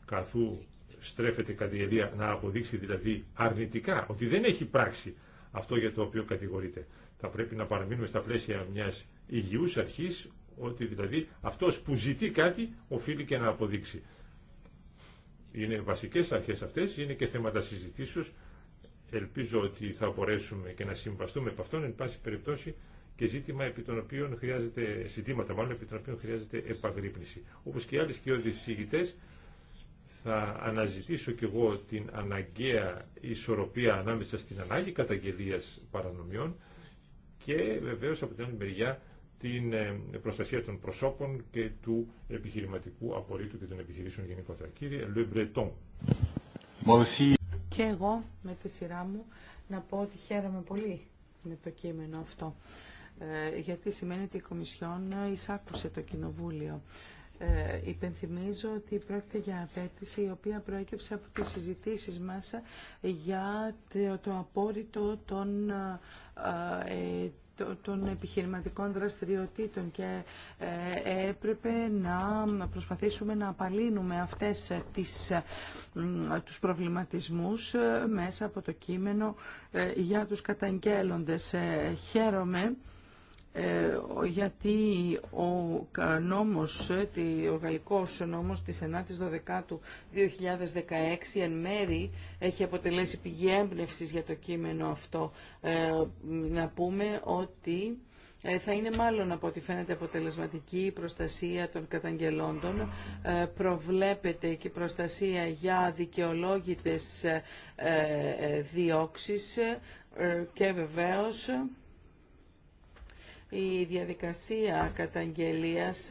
καθού στρέφεται κατηγορία να αποδείξει δηλαδή αρνητικά ότι δεν έχει πράξει αυτό για το οποίο κατηγορείται θα πρέπει να παραμείνουμε στα πλαίσια μιας υγιούς αρχής, ότι δηλαδή αυτός που ζητεί κάτι οφείλει και να αποδείξει. Είναι βασικές αρχές αυτές, είναι και θέματα συζητήσεως. Ελπίζω ότι θα μπορέσουμε και να συμβαστούμε από αυτόν, εν πάση περιπτώσει, και ζήτημα επί των οποίων χρειάζεται, ζητήματα μάλλον επί των οποίων χρειάζεται επαγρύπνηση. Όπως και οι άλλοι σκιώδεις θα αναζητήσω κι εγώ την αναγκαία ισορροπία ανάμεσα στην ανάγκη καταγγελίας παρανομιών και βεβαίως από την άλλη μεριά την ε, προστασία των προσώπων και του επιχειρηματικού απορρίτου και των επιχειρήσεων γενικότερα. Κύριε Le Και εγώ με τη σειρά μου να πω ότι χαίρομαι πολύ με το κείμενο αυτό. Ε, γιατί σημαίνει ότι η Κομισιόν εισάκουσε το Κοινοβούλιο. Ε, υπενθυμίζω ότι πρόκειται για απέτηση η οποία προέκυψε από τις συζητήσεις μας για το, το απόρριτο των ε, των επιχειρηματικών δραστηριοτήτων και ε, έπρεπε να προσπαθήσουμε να απαλύνουμε αυτές τις, τους προβληματισμούς ε, μέσα από το κείμενο για τους καταγγέλλοντες. Χαίρομαι ε, γιατί ο νόμος, ε, ο γαλλικός νόμος της 9 η 12ου 2016 εν μέρη έχει αποτελέσει πηγή έμπνευσης για το κείμενο αυτό. Ε, να πούμε ότι θα είναι μάλλον από ό,τι φαίνεται αποτελεσματική η προστασία των καταγγελόντων. Προβλέπεται και προστασία για δικαιολόγητες διώξεις και βεβαίως η διαδικασία καταγγελίας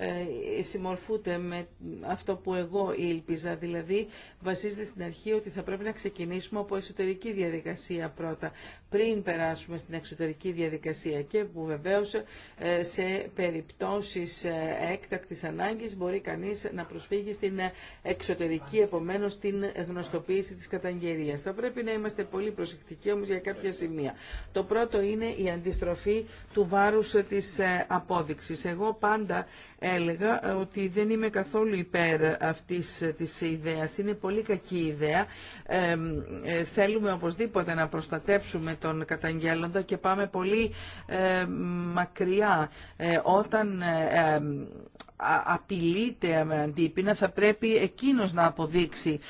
ε, συμμορφούνται με αυτό που εγώ ήλπιζα, δηλαδή βασίζεται στην αρχή ότι θα πρέπει να ξεκινήσουμε από εσωτερική διαδικασία πρώτα, πριν περάσουμε στην εξωτερική διαδικασία και που βεβαίως ε, σε περιπτώσεις ε, έκτακτης ανάγκης μπορεί κανείς να προσφύγει στην εξωτερική, επομένως την γνωστοποίηση της καταγγελίας. Θα πρέπει να είμαστε πολύ προσεκτικοί όμως για κάποια σημεία. Το πρώτο είναι η αντιστροφή του βάρους της απόδειξη. Εγώ πάντα έλεγα ε, ότι δεν είμαι καθόλου υπέρ αυτής ε, της ιδέας. Είναι πολύ κακή ιδέα. Ε, θέλουμε οπωσδήποτε να προστατέψουμε τον καταγγέλλοντα και πάμε πολύ μακριά. όταν απειλείται με αντίπεινα θα πρέπει εκείνος να αποδείξει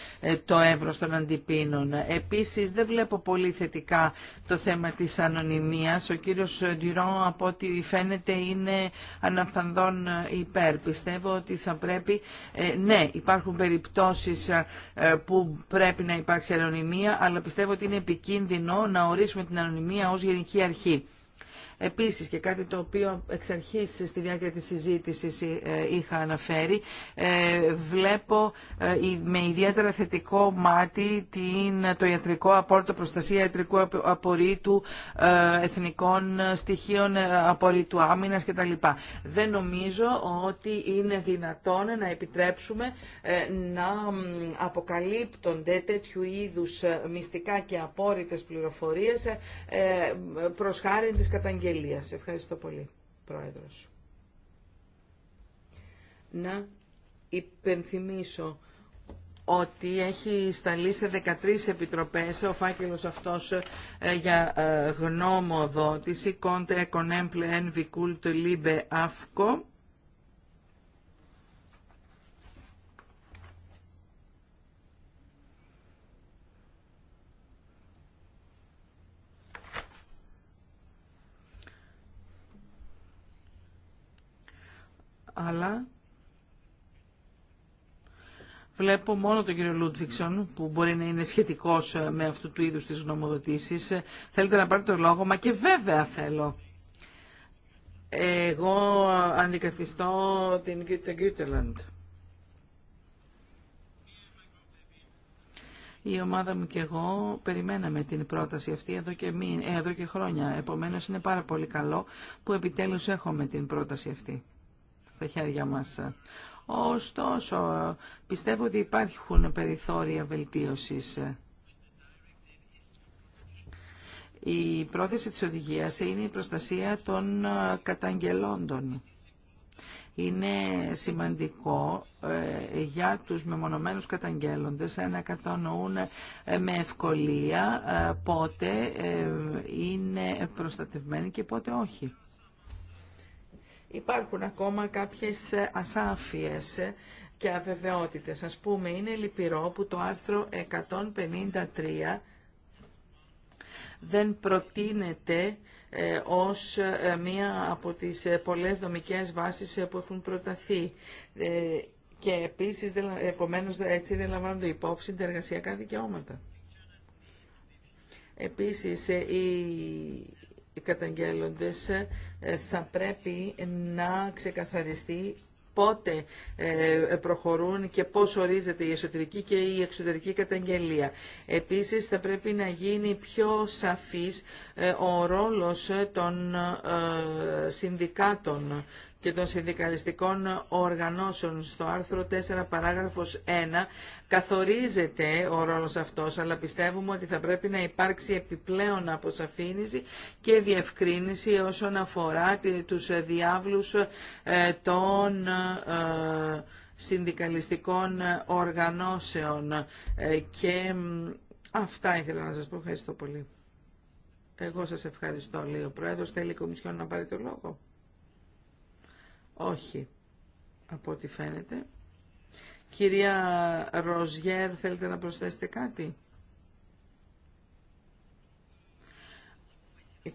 το εύρος των αντιπίνων. Επίσης δεν βλέπω πολύ θετικά το θέμα της ανωνυμίας. Ο κύριος Ντυρόν από ό,τι φαίνεται είναι αναφανδόν υπέρ. Πιστεύω ότι θα πρέπει, ε, ναι υπάρχουν περιπτώσεις ε, που πρέπει να υπάρξει ανωνυμία αλλά πιστεύω ότι είναι επικίνδυνο να ορίσουμε την ανωνυμία ως γενική αρχή. Επίσης και κάτι το οποίο εξ αρχής στη διάρκεια της συζήτησης ε, είχα αναφέρει, ε, βλέπω ε, με ιδιαίτερα θετικό μάτι την, το ιατρικό απόρριτο, προστασία ιατρικού απορρίτου, εθνικών στοιχείων απορρίτου άμυνας κτλ. Δεν νομίζω ότι είναι δυνατόν να επιτρέψουμε να αποκαλύπτονται τέτοιου είδους μυστικά και απόρριτες πληροφορίες προς χάρη της καταγγελίας σε Ευχαριστώ πολύ, Πρόεδρος. Να υπενθυμίσω ότι έχει σταλεί σε 13 επιτροπές ο φάκελος αυτός ε, για γνώμο δότηση, κόντε, κονέμπλε, λίμπε, αλλά Βλέπω μόνο τον κύριο Λούντβικσον που μπορεί να είναι σχετικός ε, με αυτού του είδους τις γνωμοδοτήσεις. Ε, θέλετε να πάρετε το λόγο, μα και βέβαια θέλω. Εγώ αντικαθιστώ την Γκίτελαντ. Η ομάδα μου και εγώ περιμέναμε την πρόταση αυτή εδώ και, ε, εδώ και χρόνια. Επομένως είναι πάρα πολύ καλό που επιτέλους έχουμε την πρόταση αυτή στα χέρια μας. Ωστόσο, πιστεύω ότι υπάρχουν περιθώρια βελτίωσης. Η πρόθεση της οδηγίας είναι η προστασία των ε, καταγγελόντων. Είναι σημαντικό ε, για τους μεμονωμένους καταγγέλλοντες να κατανοούν ε, με ευκολία πότε είναι προστατευμένοι και πότε όχι υπάρχουν ακόμα κάποιες ε, ασάφειες ε, και αβεβαιότητες. Ας πούμε, είναι λυπηρό που το άρθρο 153 δεν προτείνεται ε, ως μία από τις πολλές δομικές βάσεις που έχουν προταθεί. Και επίσης, επομένως, έτσι δεν λαμβάνονται υπόψη τα εργασιακά δικαιώματα. Επίσης, η καταγγέλλοντες ε, θα πρέπει να ξεκαθαριστεί πότε ε, προχωρούν και πώς ορίζεται η εσωτερική και η εξωτερική καταγγελία. Επίσης θα πρέπει να γίνει πιο σαφής ε, ο ρόλος των συνδικάτων και των συνδικαλιστικών οργανώσεων. Στο άρθρο 4 παράγραφος 1 καθορίζεται ο ρόλος αυτός, αλλά πιστεύουμε ότι θα πρέπει να υπάρξει επιπλέον αποσαφήνιση και διευκρίνηση όσον αφορά τους διάβλους ε, των ε, συνδικαλιστικών οργανώσεων. Ε, και αυτά ήθελα να σας πω. Ευχαριστώ πολύ. Εγώ σας ευχαριστώ, λέει ο Πρόεδρος. Θέλει η Κομισιόν να πάρει το λόγο. Όχι, από ό,τι φαίνεται. Κυρία Ροζιέρ, θέλετε να προσθέσετε κάτι.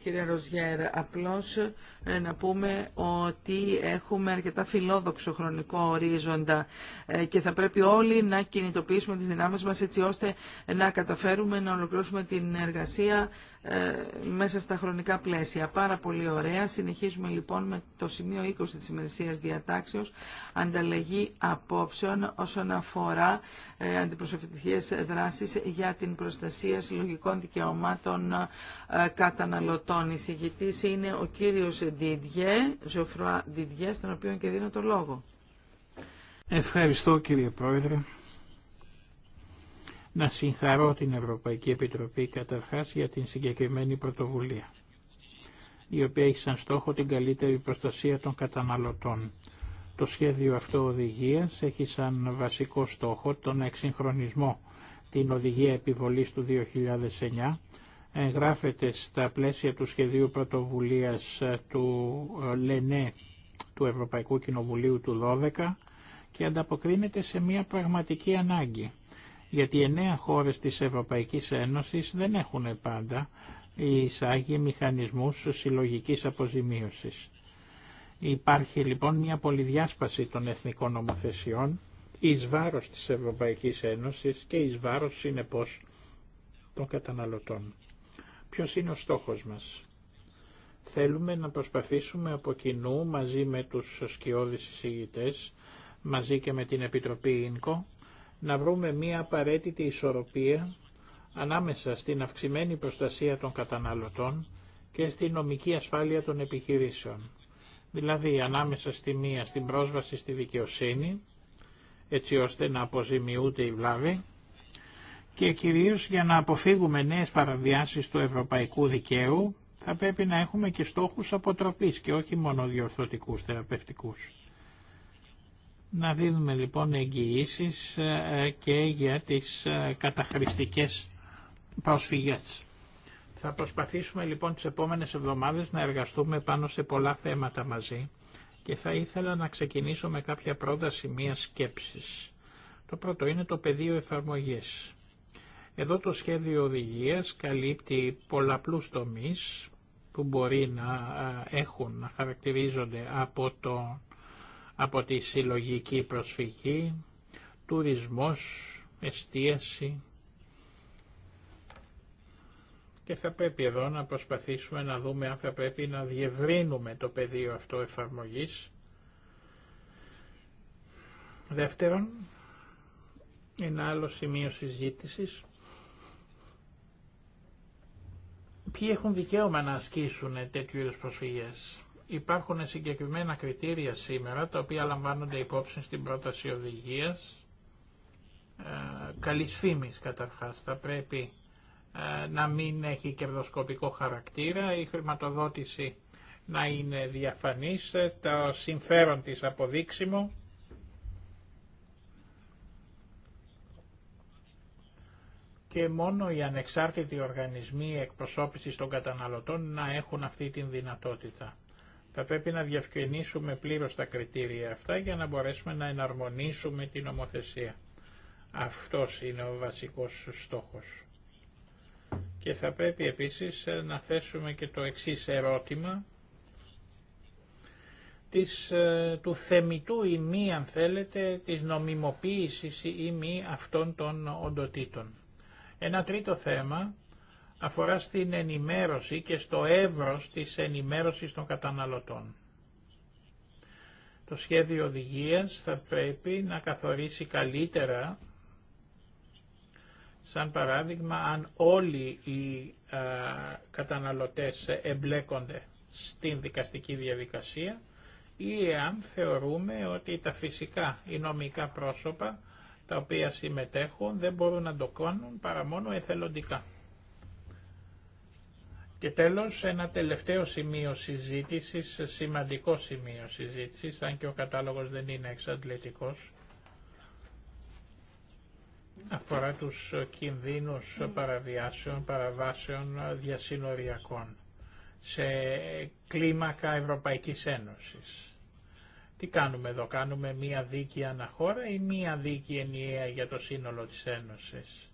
Κυρία Ροζιέρ, απλώς ε, να πούμε ότι έχουμε αρκετά φιλόδοξο χρονικό ορίζοντα ε, και θα πρέπει όλοι να κινητοποιήσουμε τις δυνάμεις μας έτσι ώστε να καταφέρουμε να ολοκληρώσουμε την εργασία ε, μέσα στα χρονικά πλαίσια. Πάρα πολύ ωραία. Συνεχίζουμε λοιπόν με το σημείο 20 της ημερησίας διατάξεως, ανταλλαγή απόψεων όσον αφορά ε, αντιπροσωπητικές δράσεις για την προστασία συλλογικών δικαιωμάτων ε, καταναλωτών. Η συγητής είναι ο κύριος Διδιέ, Ζωφρουά Διδιέ, στον οποίο και δίνω το λόγο. Ευχαριστώ κύριε Πρόεδρε να συγχαρώ την Ευρωπαϊκή Επιτροπή καταρχάς για την συγκεκριμένη πρωτοβουλία, η οποία έχει σαν στόχο την καλύτερη προστασία των καταναλωτών. Το σχέδιο αυτό οδηγίας έχει σαν βασικό στόχο τον εξυγχρονισμό την οδηγία επιβολής του 2009, εγγράφεται στα πλαίσια του σχεδίου πρωτοβουλίας του ε, ΛΕΝΕ του Ευρωπαϊκού Κοινοβουλίου του 12 και ανταποκρίνεται σε μια πραγματική ανάγκη γιατί εννέα χώρες της Ευρωπαϊκής Ένωσης δεν έχουν πάντα εισάγει μηχανισμούς συλλογικής αποζημίωσης. Υπάρχει λοιπόν μια πολυδιάσπαση των εθνικών νομοθεσιών εις βάρος της Ευρωπαϊκής Ένωσης και εις βάρος συνεπώς των καταναλωτών. Ποιος είναι ο στόχος μας. Θέλουμε να προσπαθήσουμε από κοινού μαζί με τους σκιώδεις εισηγητές, μαζί και με την Επιτροπή ΙΝΚΟ, να βρούμε μία απαραίτητη ισορροπία ανάμεσα στην αυξημένη προστασία των καταναλωτών και στην νομική ασφάλεια των επιχειρήσεων. Δηλαδή ανάμεσα στη μία στην πρόσβαση στη δικαιοσύνη, έτσι ώστε να αποζημιούνται η βλάβη, και κυρίως για να αποφύγουμε νέες παραβιάσεις του ευρωπαϊκού δικαίου, θα πρέπει να έχουμε και στόχους αποτροπής και όχι μόνο διορθωτικούς θεραπευτικούς. Να δίνουμε λοιπόν εγγυήσει ε, και για τις ε, καταχρηστικές προσφυγές. Θα προσπαθήσουμε λοιπόν τις επόμενες εβδομάδες να εργαστούμε πάνω σε πολλά θέματα μαζί και θα ήθελα να ξεκινήσω με κάποια πρόταση μιας σκέψης. Το πρώτο είναι το πεδίο εφαρμογής. Εδώ το σχέδιο οδηγίας καλύπτει πολλαπλούς τομείς που μπορεί να ε, έχουν, να χαρακτηρίζονται από το από τη συλλογική προσφυγή, τουρισμός, εστίαση και θα πρέπει εδώ να προσπαθήσουμε να δούμε αν θα πρέπει να διευρύνουμε το πεδίο αυτό εφαρμογής. Δεύτερον, ένα άλλο σημείο συζήτησης. Ποιοι έχουν δικαίωμα να ασκήσουν τέτοιου προσφυγές. Υπάρχουν συγκεκριμένα κριτήρια σήμερα τα οποία λαμβάνονται υπόψη στην πρόταση οδηγίας. Ε, Καλής φήμης καταρχάς. Θα πρέπει ε, να μην έχει κερδοσκοπικό χαρακτήρα, η χρηματοδότηση να είναι διαφανής, ε, το συμφέρον της αποδείξιμο. και μόνο οι ανεξάρτητοι οργανισμοί εκπροσώπησης των καταναλωτών να έχουν αυτή την δυνατότητα. Θα πρέπει να διευκρινίσουμε πλήρως τα κριτήρια αυτά για να μπορέσουμε να εναρμονίσουμε την νομοθεσία. Αυτός είναι ο βασικός στόχος. Και θα πρέπει επίσης ε, να θέσουμε και το εξής ερώτημα της, ε, του θεμητού ή μη, αν θέλετε, της νομιμοποίησης ή μη αυτών των οντοτήτων. Ένα τρίτο θέμα αφορά στην ενημέρωση και στο εύρος της ενημέρωσης των καταναλωτών. Το σχέδιο οδηγίας θα πρέπει να καθορίσει καλύτερα, σαν παράδειγμα, αν όλοι οι α, καταναλωτές εμπλέκονται στην δικαστική διαδικασία ή αν θεωρούμε ότι τα φυσικά οι νομικά πρόσωπα τα οποία συμμετέχουν δεν μπορούν να το κάνουν παρά μόνο εθελοντικά. Και τέλος ένα τελευταίο σημείο συζήτησης, σημαντικό σημείο συζήτησης, αν και ο κατάλογος δεν είναι εξαντλητικός, αφορά τους κινδύνους παραβιάσεων, παραβάσεων διασυνοριακών σε κλίμακα Ευρωπαϊκής Ένωσης. Τι κάνουμε εδώ, κάνουμε μία δίκη αναχώρα ή μία δίκη ενιαία για το σύνολο της Ένωσης.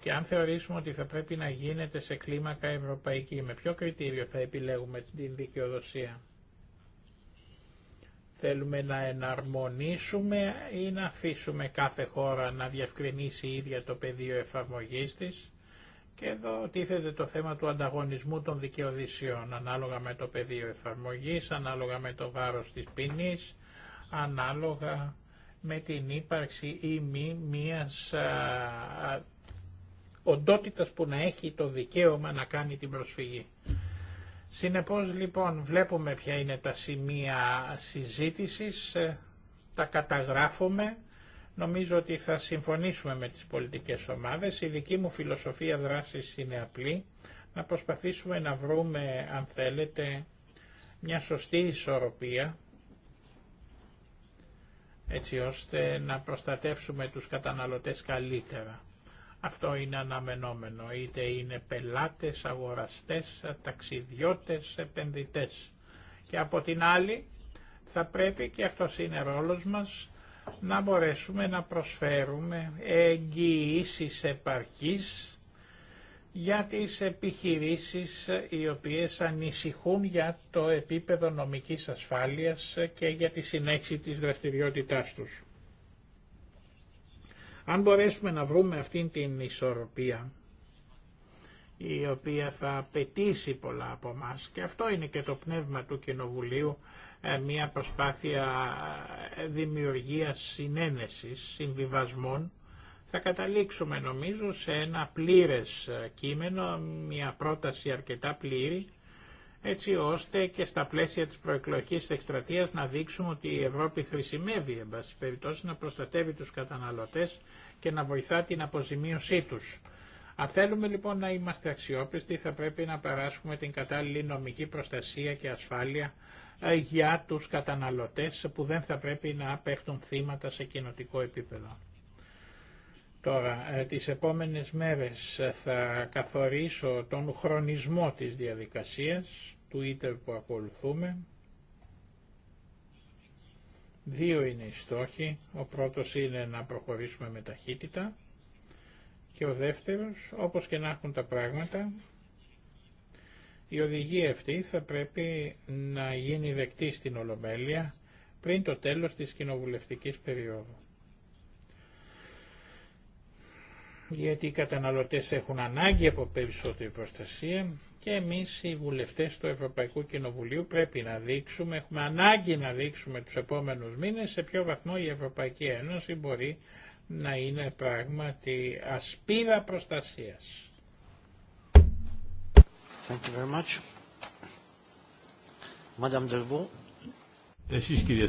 Και αν θεωρήσουμε ότι θα πρέπει να γίνεται σε κλίμακα ευρωπαϊκή, με ποιο κριτήριο θα επιλέγουμε την δικαιοδοσία. Θέλουμε να εναρμονίσουμε ή να αφήσουμε κάθε χώρα να διευκρινίσει η να αφησουμε καθε χωρα να διευκρινισει ιδια το πεδίο εφαρμογής της. Και εδώ τίθεται το θέμα του ανταγωνισμού των δικαιοδησιών, ανάλογα με το πεδίο εφαρμογής, ανάλογα με το βάρος της ποινή, ανάλογα με την ύπαρξη ή μη μίας Οντότητα που να έχει το δικαίωμα να κάνει την προσφυγή. Συνεπώς λοιπόν βλέπουμε ποια είναι τα σημεία συζήτησης, ε, τα καταγράφουμε, νομίζω ότι θα συμφωνήσουμε με τις πολιτικές ομάδες. Η δική μου φιλοσοφία δράσης είναι απλή, να προσπαθήσουμε να βρούμε, αν θέλετε, μια σωστή ισορροπία, έτσι ώστε να προστατεύσουμε τους καταναλωτές καλύτερα. Αυτό είναι αναμενόμενο, είτε είναι πελάτες, αγοραστές, ταξιδιώτες, επενδυτές. Και από την άλλη θα πρέπει, και αυτός είναι ρόλος μας, να μπορέσουμε να προσφέρουμε εγγυήσεις επαρκής για τις επιχειρήσεις οι οποίες ανησυχούν για το επίπεδο νομικής ασφάλειας και για τη συνέχιση της δραστηριότητάς τους. Αν μπορέσουμε να βρούμε αυτήν την ισορροπία, η οποία θα απαιτήσει πολλά από μας και αυτό είναι και το πνεύμα του Κοινοβουλίου, ε, μια προσπάθεια ε, δημιουργίας συνένεσης, συμβιβασμών, θα καταλήξουμε νομίζω σε ένα πλήρες ε, κείμενο, μια πρόταση αρκετά πλήρη, έτσι ώστε και στα πλαίσια της προεκλογικής εκστρατείας να δείξουμε ότι η Ευρώπη χρησιμεύει, εν να προστατεύει τους καταναλωτές και να βοηθά την αποζημίωσή τους. Αν θέλουμε λοιπόν να είμαστε αξιόπιστοι θα πρέπει να παράσχουμε την κατάλληλη νομική προστασία και ασφάλεια ε, για τους καταναλωτές που δεν θα πρέπει να πέφτουν θύματα σε κοινοτικό επίπεδο. Τώρα, ε, τις επόμενες μέρες ε, θα καθορίσω τον χρονισμό της διαδικασίας, του Ίτερ που ακολουθούμε. Δύο είναι οι στόχοι. Ο πρώτος είναι να προχωρήσουμε με ταχύτητα και ο δεύτερος, όπως και να έχουν τα πράγματα, η οδηγία αυτή θα πρέπει να γίνει δεκτή στην Ολομέλεια πριν το τέλος της κοινοβουλευτικής περίοδου. γιατί οι καταναλωτές έχουν ανάγκη από περισσότερη προστασία και εμείς οι βουλευτές του Ευρωπαϊκού Κοινοβουλίου πρέπει να δείξουμε, έχουμε ανάγκη να δείξουμε τους επόμενους μήνες σε ποιο βαθμό η Ευρωπαϊκή Ένωση μπορεί να είναι πράγματι ασπίδα προστασίας. Εσείς κύριε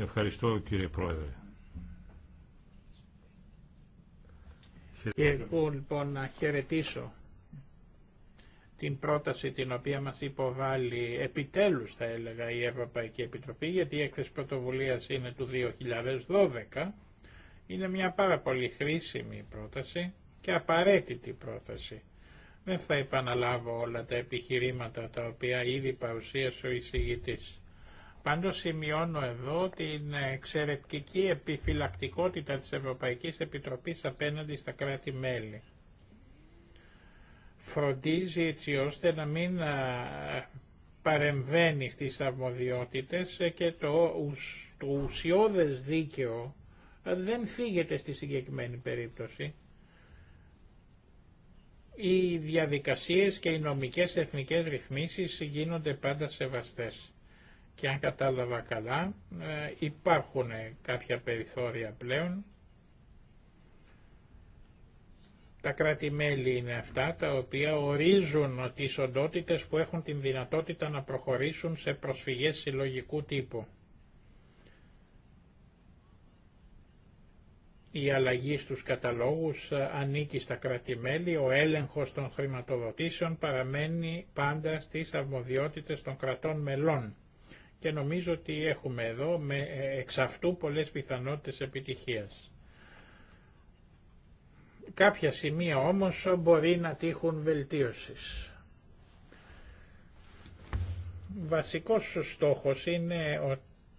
Ευχαριστώ κύριε Πρόεδρε. Και εγώ λοιπόν να χαιρετήσω την πρόταση την οποία μας υποβάλλει επιτέλους θα έλεγα η Ευρωπαϊκή Επιτροπή γιατί η έκθεση πρωτοβουλίας είναι του 2012 είναι μια πάρα πολύ χρήσιμη πρόταση και απαραίτητη πρόταση. Δεν θα επαναλάβω όλα τα επιχειρήματα τα οποία ήδη παρουσίασε ο εισηγητής. Πάντως σημειώνω εδώ την εξαιρετική επιφυλακτικότητα της Ευρωπαϊκής Επιτροπής απέναντι στα κράτη-μέλη. Φροντίζει έτσι ώστε να μην παρεμβαίνει στις αρμοδιότητες και το, ουσιώδε το ουσιώδες δίκαιο δεν φύγεται στη συγκεκριμένη περίπτωση. Οι διαδικασίες και οι νομικές εθνικές ρυθμίσεις γίνονται πάντα σεβαστές και αν κατάλαβα καλά ε, υπάρχουν κάποια περιθώρια πλέον. Τα κρατη είναι αυτά τα οποία ορίζουν τις οντότητες που έχουν την δυνατότητα να προχωρήσουν σε προσφυγές συλλογικού τύπου. η αλλαγή στους καταλόγους ανήκει στα κρατημέλη, ο έλεγχος των χρηματοδοτήσεων παραμένει πάντα στις αρμοδιότητες των κρατών μελών και νομίζω ότι έχουμε εδώ με, ε, εξ αυτού πολλές πιθανότητες επιτυχίας. Κάποια σημεία όμως μπορεί να τύχουν βελτίωσης. Βασικός στόχος είναι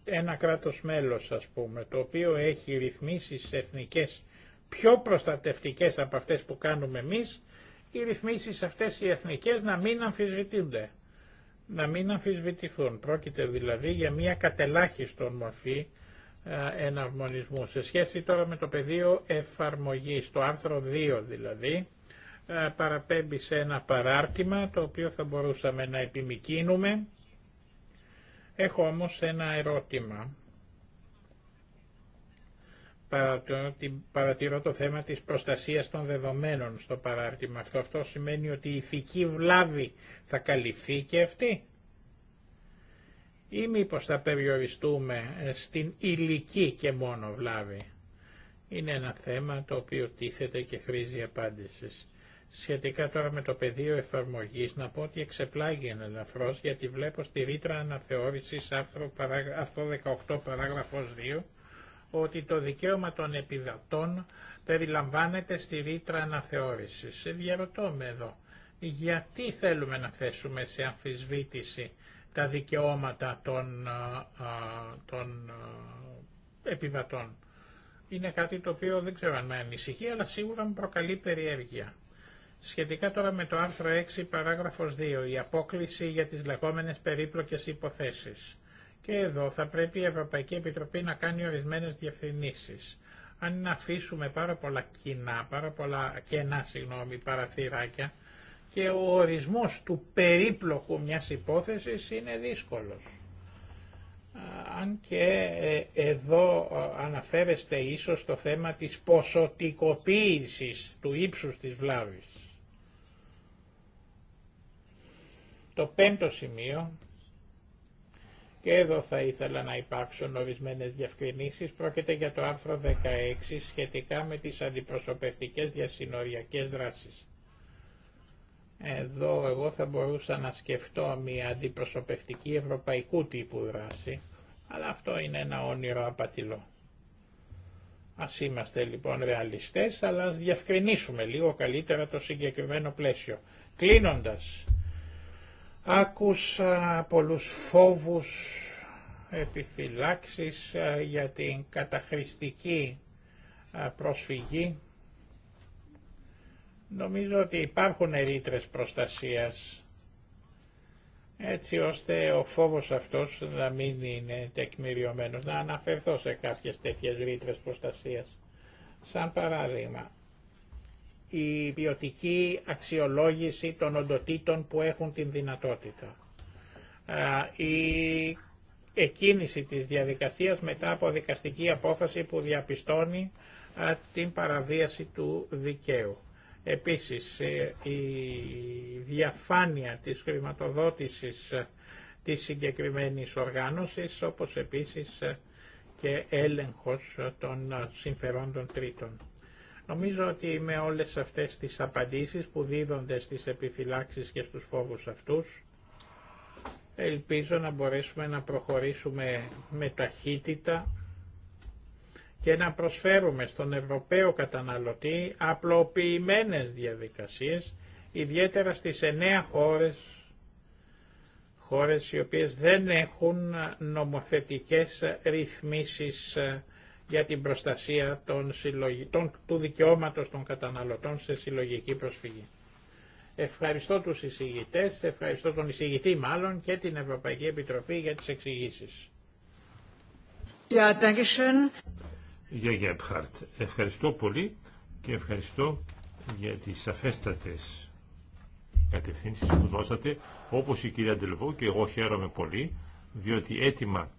ένα κράτος μέλος ας πούμε, το οποίο έχει ρυθμίσεις εθνικές πιο προστατευτικές από αυτές που κάνουμε εμείς, οι ρυθμίσεις αυτές οι εθνικές να μην αμφισβητούνται να μην αμφισβητηθούν. Πρόκειται δηλαδή για μια κατελάχιστον μορφή εναρμονισμού. Σε σχέση τώρα με το πεδίο εφαρμογής, το άρθρο 2 δηλαδή, παραπέμπει σε ένα παράρτημα το οποίο θα μπορούσαμε να επιμικίνουμε. Έχω όμως ένα ερώτημα παρατηρώ το θέμα της προστασίας των δεδομένων στο παράρτημα αυτό. Αυτό σημαίνει ότι η ηθική βλάβη θα καλυφθεί και αυτή ή μήπω θα περιοριστούμε ε, στην ηλική και μόνο βλάβη. Είναι ένα θέμα το οποίο τίθεται και χρήζει απάντηση. Σχετικά τώρα με το πεδίο εφαρμογή να πω ότι εξεπλάγει ελαφρώ γιατί βλέπω στη ρήτρα αναθεώρηση αυτό 18 παράγραφος 2 ότι το δικαίωμα των επιβατών περιλαμβάνεται στη ρήτρα αναθεώρησης. Ε, διαρωτώ με εδώ, γιατί θέλουμε να θέσουμε σε αμφισβήτηση τα δικαιώματα των, των επιβατών. Είναι κάτι το οποίο δεν ξέρω αν με ανησυχεί, αλλά σίγουρα μου προκαλεί περιέργεια. Σχετικά τώρα με το άρθρο 6 παράγραφος 2, η απόκληση για τις λεγόμενες περίπλοκες υποθέσεις. Και εδώ θα πρέπει η Ευρωπαϊκή Επιτροπή να κάνει ορισμένες διευθυνήσεις. Αν αφήσουμε πάρα πολλά κοινά, πάρα πολλά κενά, συγγνώμη, παραθυράκια και ο ορισμός του περίπλοκου μιας υπόθεσης είναι δύσκολος. Αν και ε, εδώ αναφέρεστε ίσως το θέμα της ποσοτικοποίησης του ύψους της βλάβης. Το πέμπτο σημείο και εδώ θα ήθελα να υπάρξουν ορισμένες διευκρινήσεις. Πρόκειται για το άρθρο 16 σχετικά με τις αντιπροσωπευτικές διασυνοριακές δράσεις. Εδώ εγώ θα μπορούσα να σκεφτώ μια αντιπροσωπευτική ευρωπαϊκού τύπου δράση, αλλά αυτό είναι ένα όνειρο απατηλό. Ας είμαστε λοιπόν ρεαλιστές, αλλά ας διευκρινίσουμε λίγο καλύτερα το συγκεκριμένο πλαίσιο. Κλείνοντας, Άκουσα πολλούς φόβους, επιφυλάξεις ε, για την καταχρηστική ε, προσφυγή. Νομίζω ότι υπάρχουν ρήτρες προστασίας έτσι ώστε ο φόβος αυτός να μην είναι τεκμηριωμένος. Να αναφερθώ σε κάποιες τέτοιες ρήτρες προστασίας. Σαν παράδειγμα, η ποιοτική αξιολόγηση των οντοτήτων που έχουν την δυνατότητα. Η εκκίνηση της διαδικασίας μετά από δικαστική απόφαση που διαπιστώνει την παραβίαση του δικαίου. Επίσης, ε, η διαφάνεια της χρηματοδότησης ε, της συγκεκριμένης οργάνωσης, όπως επίσης ε, και έλεγχος των συμφερόντων τρίτων. Νομίζω ότι με όλες αυτές τις απαντήσεις που δίδονται στις επιφυλάξεις και στους φόβους αυτούς, ελπίζω να μπορέσουμε να προχωρήσουμε με ταχύτητα και να προσφέρουμε στον Ευρωπαίο καταναλωτή απλοποιημένες διαδικασίες, ιδιαίτερα στις εννέα χώρες, χώρες οι οποίες δεν έχουν νομοθετικές ρυθμίσεις ε, για την προστασία των των... του δικαιώματος των καταναλωτών σε συλλογική προσφυγή. Ευχαριστώ τους εισηγητές, ευχαριστώ τον εισηγητή μάλλον και την Ευρωπαϊκή Επιτροπή για τις εξηγήσεις. Ja, ευχαριστώ πολύ και ευχαριστώ για τις σαφέστατες κατευθύνσεις που δώσατε. Όπως η κυρία Ντελβό και εγώ χαίρομαι πολύ, διότι έτοιμα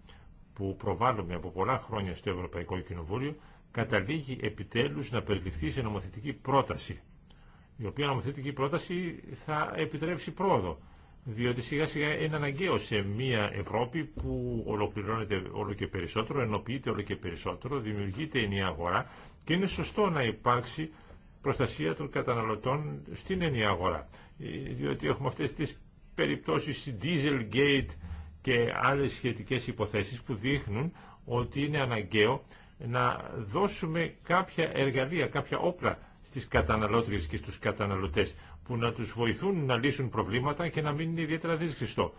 που προβάλλουμε από πολλά χρόνια στο Ευρωπαϊκό Κοινοβούλιο καταλήγει επιτέλους να περιληφθεί σε νομοθετική πρόταση η οποία νομοθετική πρόταση θα επιτρέψει πρόοδο διότι σιγά σιγά είναι αναγκαίο σε μια Ευρώπη που ολοκληρώνεται όλο και περισσότερο, ενοποιείται όλο και περισσότερο, δημιουργείται ενιαία αγορά και είναι σωστό να υπάρξει προστασία των καταναλωτών στην ενιαία αγορά. Διότι έχουμε αυτές τις περιπτώσεις Dieselgate, και άλλες σχετικές υποθέσεις που δείχνουν ότι είναι αναγκαίο να δώσουμε κάποια εργαλεία, κάποια όπλα στις καταναλώτριες και στους καταναλωτές που να τους βοηθούν να λύσουν προβλήματα και να μην είναι ιδιαίτερα δύσκολο.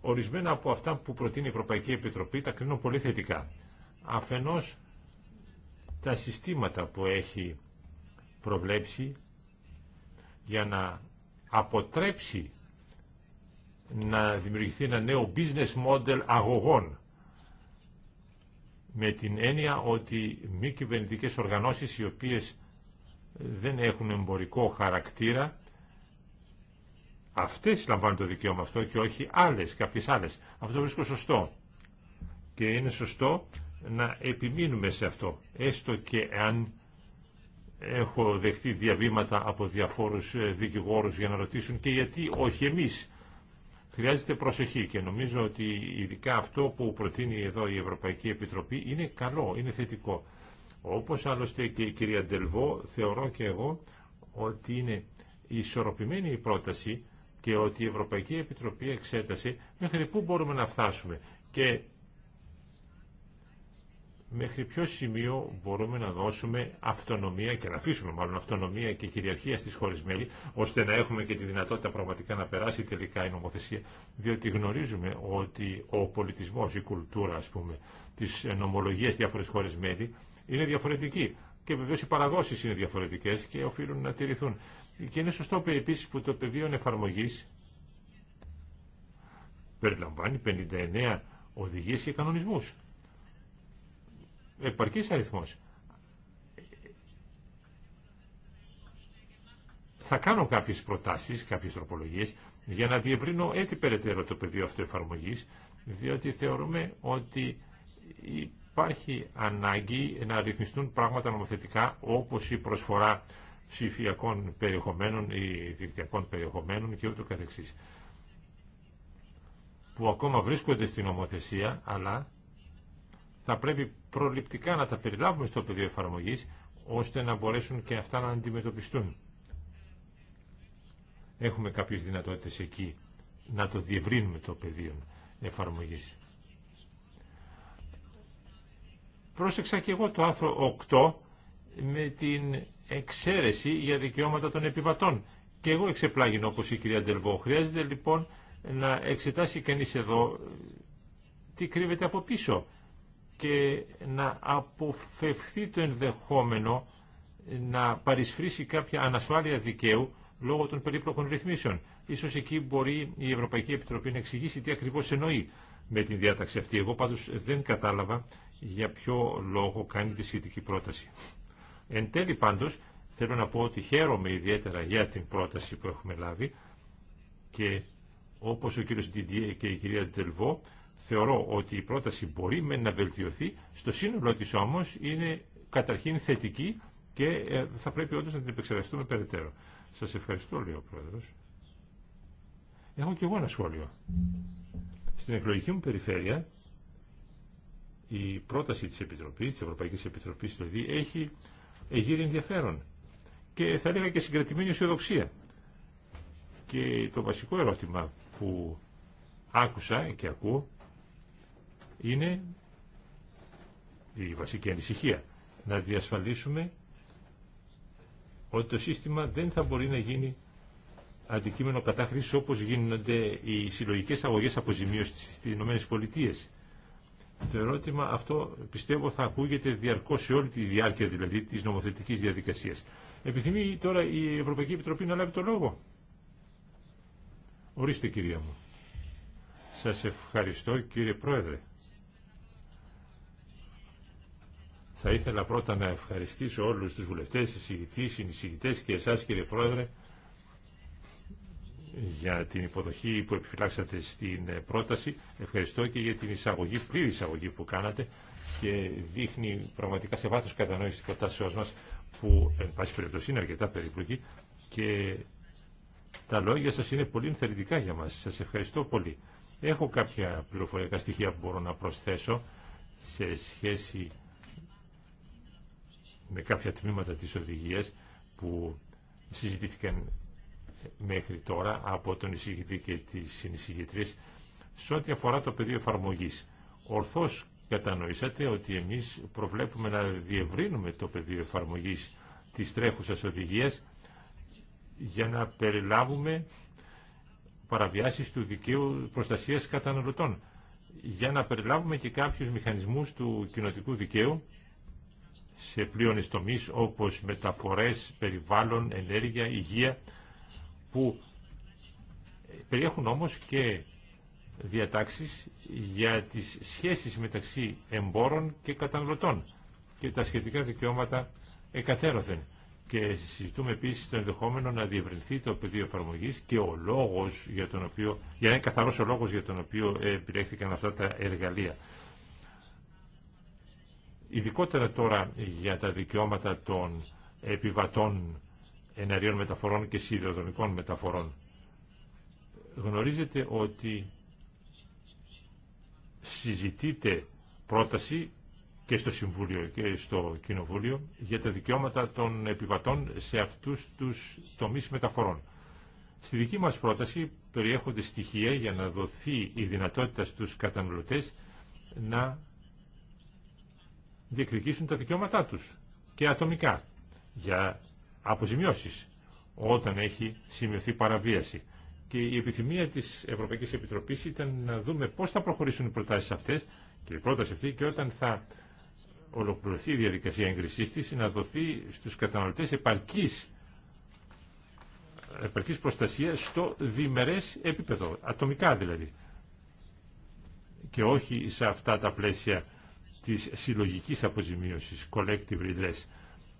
Ορισμένα από αυτά που προτείνει η Ευρωπαϊκή Επιτροπή τα κρίνω πολύ θετικά. Αφενός τα συστήματα που έχει προβλέψει για να αποτρέψει να δημιουργηθεί ένα νέο business model αγωγών με την έννοια ότι μη κυβερνητικέ οργανώσεις οι οποίες δεν έχουν εμπορικό χαρακτήρα αυτές λαμβάνουν το δικαίωμα αυτό και όχι άλλες, κάποιες άλλες. Αυτό βρίσκω σωστό και είναι σωστό να επιμείνουμε σε αυτό έστω και αν έχω δεχτεί διαβήματα από διαφόρους ε, δικηγόρους για να ρωτήσουν και γιατί όχι εμείς χρειάζεται προσοχή και νομίζω ότι ειδικά αυτό που προτείνει εδώ η Ευρωπαϊκή Επιτροπή είναι καλό, είναι θετικό. Όπως άλλωστε και η κυρία Ντελβό, θεωρώ και εγώ ότι είναι ισορροπημένη η πρόταση και ότι η Ευρωπαϊκή Επιτροπή εξέτασε μέχρι πού μπορούμε να φτάσουμε και μέχρι ποιο σημείο μπορούμε να δώσουμε αυτονομία και να αφήσουμε μάλλον αυτονομία και κυριαρχία στις χώρες μέλη, ώστε να έχουμε και τη δυνατότητα πραγματικά να περάσει τελικά η νομοθεσία, διότι γνωρίζουμε ότι ο πολιτισμός, η κουλτούρα ας πούμε, της νομολογίας διάφορες χώρες μέλη είναι διαφορετική. Και βεβαίω οι παραδόσει είναι διαφορετικέ και οφείλουν να τηρηθούν. Και είναι σωστό επίση που το πεδίο εφαρμογή περιλαμβάνει 59 οδηγίε και κανονισμού επαρκή αριθμό. Θα κάνω κάποιε προτάσεις, κάποιε τροπολογίε για να διευρύνω έτσι περαιτέρω το πεδίο αυτό διότι θεωρούμε ότι υπάρχει ανάγκη να ρυθμιστούν πράγματα νομοθετικά, όπως η προσφορά ψηφιακών περιεχομένων ή δικτυακών περιεχομένων και ούτω καθεξής που ακόμα βρίσκονται στην νομοθεσία, αλλά θα πρέπει προληπτικά να τα περιλάβουμε στο πεδίο εφαρμογής, ώστε να μπορέσουν και αυτά να αντιμετωπιστούν. Έχουμε κάποιες δυνατότητες εκεί να το διευρύνουμε το πεδίο εφαρμογής. Πρόσεξα και εγώ το άρθρο 8 με την εξαίρεση για δικαιώματα των επιβατών. Και εγώ εξεπλάγει, όπως η κυρία Ντελβό. Χρειάζεται λοιπόν να εξετάσει κανείς εδώ ε, τι κρύβεται από πίσω και να αποφευθεί το ενδεχόμενο να παρισφρήσει κάποια ανασφάλεια δικαίου λόγω των περίπλοκων ρυθμίσεων. Ίσως εκεί μπορεί η Ευρωπαϊκή Επιτροπή να εξηγήσει τι ακριβώς εννοεί με την διάταξη αυτή. Εγώ πάντως δεν κατάλαβα για ποιο λόγο κάνει τη σχετική πρόταση. Εν τέλει πάντως θέλω να πω ότι χαίρομαι ιδιαίτερα για την πρόταση που έχουμε λάβει και όπως ο κύριος Ντιντιέ και η κυρία Ντελβό θεωρώ ότι η πρόταση μπορεί με να βελτιωθεί, στο σύνολό της όμως είναι καταρχήν θετική και ε, θα πρέπει όντως να την επεξεργαστούμε περαιτέρω. Σας ευχαριστώ, λέει ο Πρόεδρος. Έχω και εγώ ένα σχόλιο. Στην εκλογική μου περιφέρεια, η πρόταση της Επιτροπής, της Ευρωπαϊκής Επιτροπής δηλαδή, έχει γύρει ενδιαφέρον και θα έλεγα και συγκρατημένη αισιοδοξία. Και το βασικό ερώτημα που άκουσα και ακούω είναι η βασική ανησυχία να διασφαλίσουμε ότι το σύστημα δεν θα μπορεί να γίνει αντικείμενο κατάχρησης όπως γίνονται οι συλλογικές αγωγές αποζημίωσης στις ΗΠΑ. Το ερώτημα αυτό πιστεύω θα ακούγεται διαρκώς σε όλη τη διάρκεια δηλαδή της νομοθετικής διαδικασίας. Επιθυμεί τώρα η Ευρωπαϊκή Επιτροπή να λάβει το λόγο. Ορίστε κυρία μου. Σας ευχαριστώ κύριε Πρόεδρε. Θα ήθελα πρώτα να ευχαριστήσω όλους τους βουλευτές, εισηγητής, συνεισηγητές και εσάς κύριε Πρόεδρε για την υποδοχή που επιφυλάξατε στην ε, πρόταση. Ευχαριστώ και για την εισαγωγή, πλήρη εισαγωγή που κάνατε και δείχνει πραγματικά σε βάθος κατανόηση της προτάσεώς μας που εν πάση περιπτώσει είναι αρκετά περίπλοκη και τα λόγια σας είναι πολύ ενθαρρυντικά για μας. Σας ευχαριστώ πολύ. Έχω κάποια πληροφοριακά στοιχεία που μπορώ να προσθέσω σε σχέση με κάποια τμήματα της οδηγίας που συζητήθηκαν μέχρι τώρα από τον εισηγητή και τις συνεισηγητρίες σε ό,τι αφορά το πεδίο εφαρμογή. Ορθώς κατανοήσατε ότι εμείς προβλέπουμε να διευρύνουμε το πεδίο εφαρμογή της τρέχουσας οδηγίας για να περιλάβουμε παραβιάσεις του δικαίου προστασίας καταναλωτών για να περιλάβουμε και κάποιους μηχανισμούς του κοινοτικού δικαίου σε πλήρωνες τομείς όπως μεταφορές, περιβάλλον, ενέργεια, υγεία που περιέχουν όμως και διατάξεις για τις σχέσεις μεταξύ εμπόρων και καταναλωτών και τα σχετικά δικαιώματα εκαθέρωθεν. Και συζητούμε επίση το ενδεχόμενο να διευρυνθεί το πεδίο εφαρμογή και ο λόγος για τον οποίο, για να καθαρό ο λόγο για τον οποίο επιλέχθηκαν αυτά τα εργαλεία. Ειδικότερα τώρα για τα δικαιώματα των επιβατών εναρίων μεταφορών και σιδηροδρομικών μεταφορών. Γνωρίζετε ότι συζητείται πρόταση και στο Συμβούλιο και στο Κοινοβούλιο για τα δικαιώματα των επιβατών σε αυτούς τους τομείς μεταφορών. Στη δική μας πρόταση περιέχονται στοιχεία για να δοθεί η δυνατότητα στους καταναλωτές να διεκδικήσουν τα δικαιώματά τους και ατομικά για αποζημιώσεις όταν έχει σημειωθεί παραβίαση. Και η επιθυμία της Ευρωπαϊκής Επιτροπής ήταν να δούμε πώς θα προχωρήσουν οι προτάσεις αυτές και η πρόταση αυτή και όταν θα ολοκληρωθεί η διαδικασία έγκρισής της να δοθεί στους καταναλωτές επαρκής, επαρκής προστασία στο διμερές επίπεδο, ατομικά δηλαδή και όχι σε αυτά τα πλαίσια της συλλογικής αποζημίωσης, collective redress.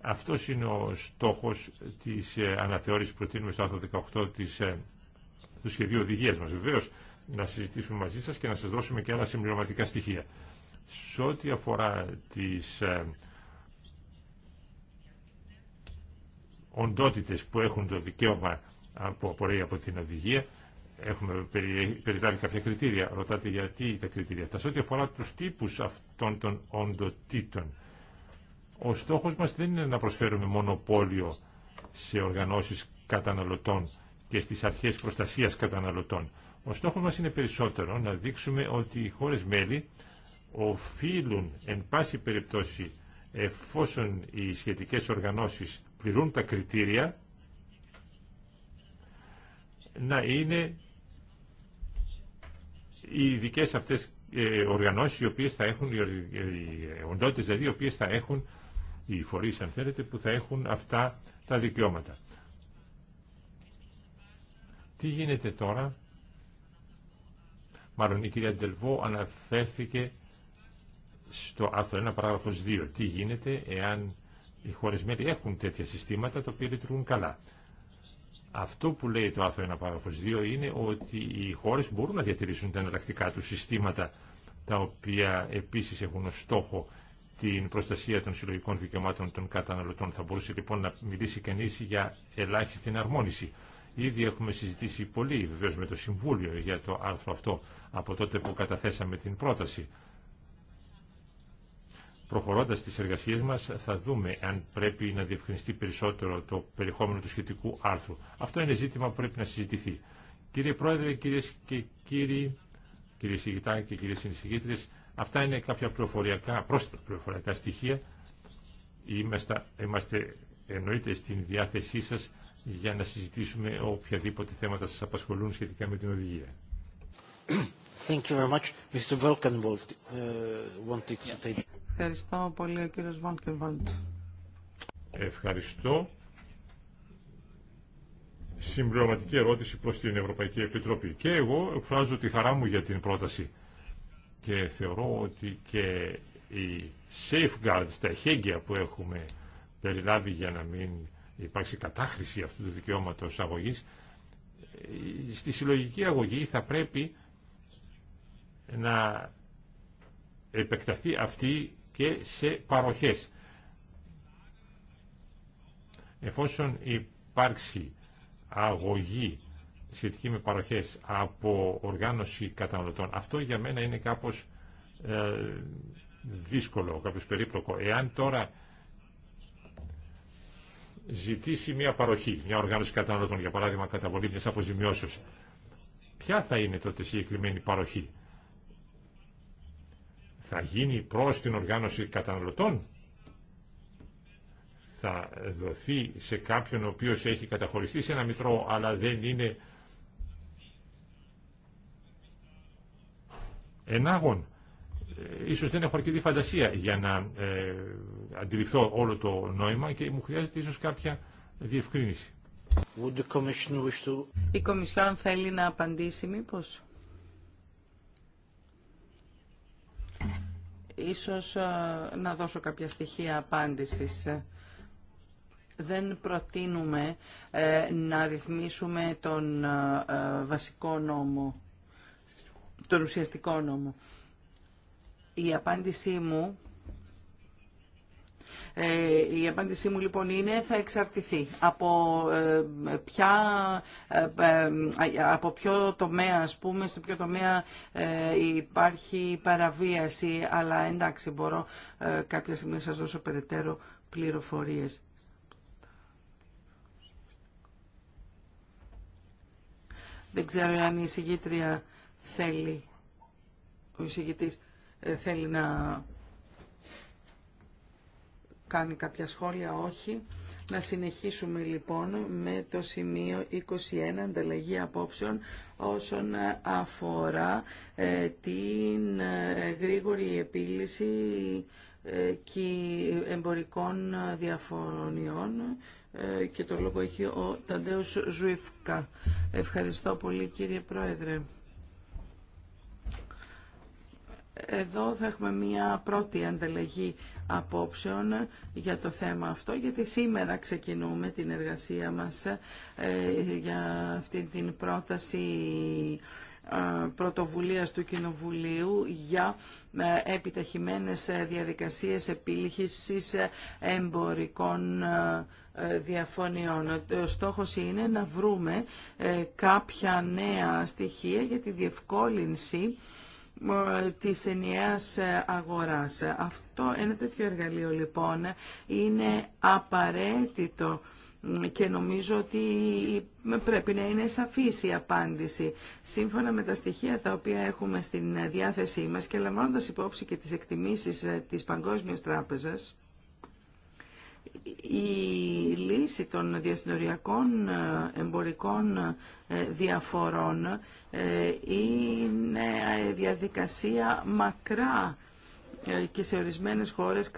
Αυτός είναι ο στόχος της ε, αναθεώρησης που προτείνουμε στο άρθρο 18 της, ε, του σχεδίου οδηγίας μας. Βεβαίως, να συζητήσουμε μαζί σας και να σας δώσουμε και άλλα συμπληρωματικά στοιχεία. Σε ό,τι αφορά τις ε, οντότητες που έχουν το δικαίωμα που απορρέει από την οδηγία, έχουμε περιλάβει κάποια κριτήρια. Ρωτάτε γιατί τα κριτήρια αυτά. Σε ό,τι αφορά τους τύπους αυτού οντοτήτων. Ο στόχος μας δεν είναι να προσφέρουμε μονοπόλιο σε οργανώσεις καταναλωτών και στις αρχές προστασίας καταναλωτών. Ο στόχος μας είναι περισσότερο να δείξουμε ότι οι χώρες μέλη οφείλουν εν πάση περιπτώσει εφόσον οι σχετικές οργανώσεις πληρούν τα κριτήρια να είναι οι ειδικέ αυτές ε, οργανώσει οι οποίες θα έχουν, οι οντότητες δηλαδή, οι οποίες θα έχουν, οι φορείς αν θέλετε, που θα έχουν αυτά τα δικαιώματα. Τι γίνεται τώρα, μάλλον η κυρία Ντελβό αναφέρθηκε στο άρθρο 1 παράγραφος 2. Τι γίνεται εάν οι χώρες μέλη έχουν τέτοια συστήματα τα οποία λειτουργούν καλά. Αυτό που λέει το άρθρο 1 παράγραφος 2 είναι ότι οι χώρες μπορούν να διατηρήσουν τα εναλλακτικά του συστήματα τα οποία επίσης έχουν ως στόχο την προστασία των συλλογικών δικαιωμάτων των καταναλωτών. Θα μπορούσε λοιπόν να μιλήσει κανείς για ελάχιστη εναρμόνιση. Ήδη έχουμε συζητήσει πολύ βεβαίως με το Συμβούλιο για το άρθρο αυτό από τότε που καταθέσαμε την πρόταση προχωρώντας τις εργασίες μας θα δούμε αν πρέπει να διευκρινιστεί περισσότερο το περιεχόμενο του σχετικού άρθρου. Αυτό είναι ζήτημα που πρέπει να συζητηθεί. Κύριε Πρόεδρε, κύριε και κύριοι, κύριε Συγητά και κύριε Συνεισηγήτρες, αυτά είναι κάποια πληροφοριακά, πρόσθετα πληροφοριακά στοιχεία. Είμαστε, είμαστε εννοείται στην διάθεσή σας για να συζητήσουμε οποιαδήποτε θέματα σας απασχολούν σχετικά με την οδηγία. Thank you very much. Mr. Uh, wanted to take... Ευχαριστώ πολύ ο κύριος Βόνκεβαλτ. Ευχαριστώ. Συμπληρωματική ερώτηση προς την Ευρωπαϊκή Επιτροπή. Και εγώ εκφράζω τη χαρά μου για την πρόταση. Και θεωρώ ότι και οι safeguards, τα εχέγγυα που έχουμε περιλάβει για να μην υπάρξει κατάχρηση αυτού του δικαιώματος αγωγής, στη συλλογική αγωγή θα πρέπει να επεκταθεί αυτή και σε παροχές. Εφόσον υπάρξει αγωγή σχετική με παροχές από οργάνωση καταναλωτών, αυτό για μένα είναι κάπως ε, δύσκολο, κάπως περίπλοκο. Εάν τώρα ζητήσει μια παροχή, μια οργάνωση καταναλωτών, για παράδειγμα καταβολή μιας αποζημιώσεως, ποια θα είναι τότε συγκεκριμένη παροχή θα γίνει προς την οργάνωση καταναλωτών θα δοθεί σε κάποιον ο οποίος έχει καταχωριστεί σε ένα μητρό αλλά δεν είναι ενάγων ε, ίσως δεν έχω αρκετή φαντασία για να ε, αντιληφθώ όλο το νόημα και μου χρειάζεται ίσως κάποια διευκρίνηση. Η Κομισιόν θέλει να απαντήσει μήπως. ίσως ε, να δώσω κάποια στοιχεία απάντησης. Δεν προτείνουμε ε, να ρυθμίσουμε τον ε, βασικό νόμο, τον ουσιαστικό νόμο. Η απάντησή μου ε, η απάντησή μου λοιπόν είναι θα εξαρτηθεί από ε, ποια, ε, από ποιο τομέα ας πούμε, στο ποιο τομέα υπάρχει παραβίαση, αλλά εντάξει μπορώ κάποια στιγμή να σας δώσω περαιτέρω πληροφορίες. Δεν ξέρω αν η εισηγήτρια θέλει, ο εισηγητής θέλει να κάνει κάποια σχόλια, όχι. Να συνεχίσουμε λοιπόν με το σημείο 21, ανταλλαγή απόψεων όσον αφορά ε, την ε, γρήγορη επίλυση ε, και εμπορικών διαφωνιών και το λόγο έχει ο Ταντέος Ζουιφκα. Ευχαριστώ πολύ κύριε Πρόεδρε. Εδώ θα έχουμε μία πρώτη ανταλλαγή απόψεων για το θέμα αυτό, γιατί σήμερα ξεκινούμε την εργασία μας ε, για αυτή την πρόταση ε, πρωτοβουλίας του Κοινοβουλίου για ε, επιταχυμένες διαδικασίες επίλυσης εμπορικών διαφωνιών. Ο στόχος είναι να βρούμε κάποια νέα στοιχεία για τη διευκόλυνση τη ενιαίας αγοράς. Αυτό, ένα τέτοιο εργαλείο λοιπόν είναι απαραίτητο και νομίζω ότι πρέπει να είναι σαφής η απάντηση. Σύμφωνα με τα στοιχεία τα οποία έχουμε στην διάθεσή μας και λαμβάνοντας υπόψη και τις εκτιμήσεις ε, της Παγκόσμιας Τράπεζας, η λύση των διασυνοριακών ε, εμπορικών ε, διαφορών ε, είναι διαδικασία μακρά και σε ορισμένες χώρες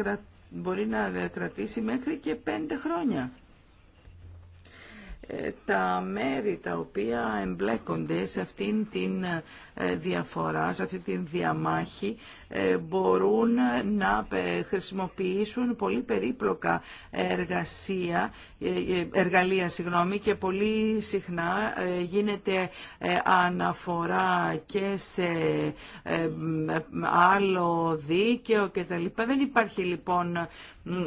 μπορεί να κρατήσει μέχρι και πέντε χρόνια τα μέρη τα οποία εμπλέκονται σε αυτήν την ε, διαφορά, σε αυτή την διαμάχη ε, μπορούν να χρησιμοποιήσουν πολύ περίπλοκα εργασία, ε, εργαλεία συγγνώμη, και πολύ συχνά γίνεται αναφορά και σε άλλο δίκαιο κτλ. Δεν υπάρχει λοιπόν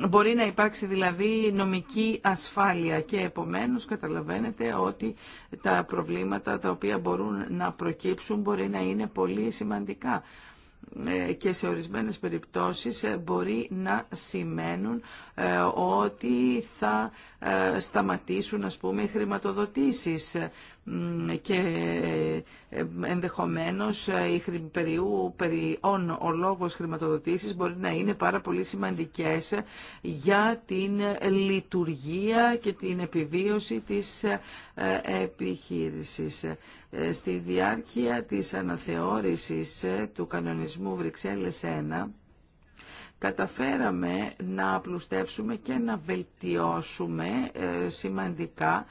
Μπορεί να υπάρξει δηλαδή νομική ασφάλεια και επομένως καταλαβαίνετε ότι τα προβλήματα τα οποία μπορούν να προκύψουν μπορεί να είναι πολύ σημαντικά ε, και σε ορισμένες περιπτώσεις ε, μπορεί να σημαίνουν ε, ότι θα σταματήσουν ας πούμε οι χρηματοδοτήσεις και ε, ενδεχομένως ε, η περιού ο λόγος χρηματοδοτήσεις μπορεί να είναι πάρα πολύ σημαντικές για την λειτουργία και την επιβίωση της ε, επιχείρησης. Στη διάρκεια της αναθεώρησης του κανονισμού Βρυξέλλες 1 καταφέραμε να απλουστεύσουμε και να βελτιώσουμε σημαντικά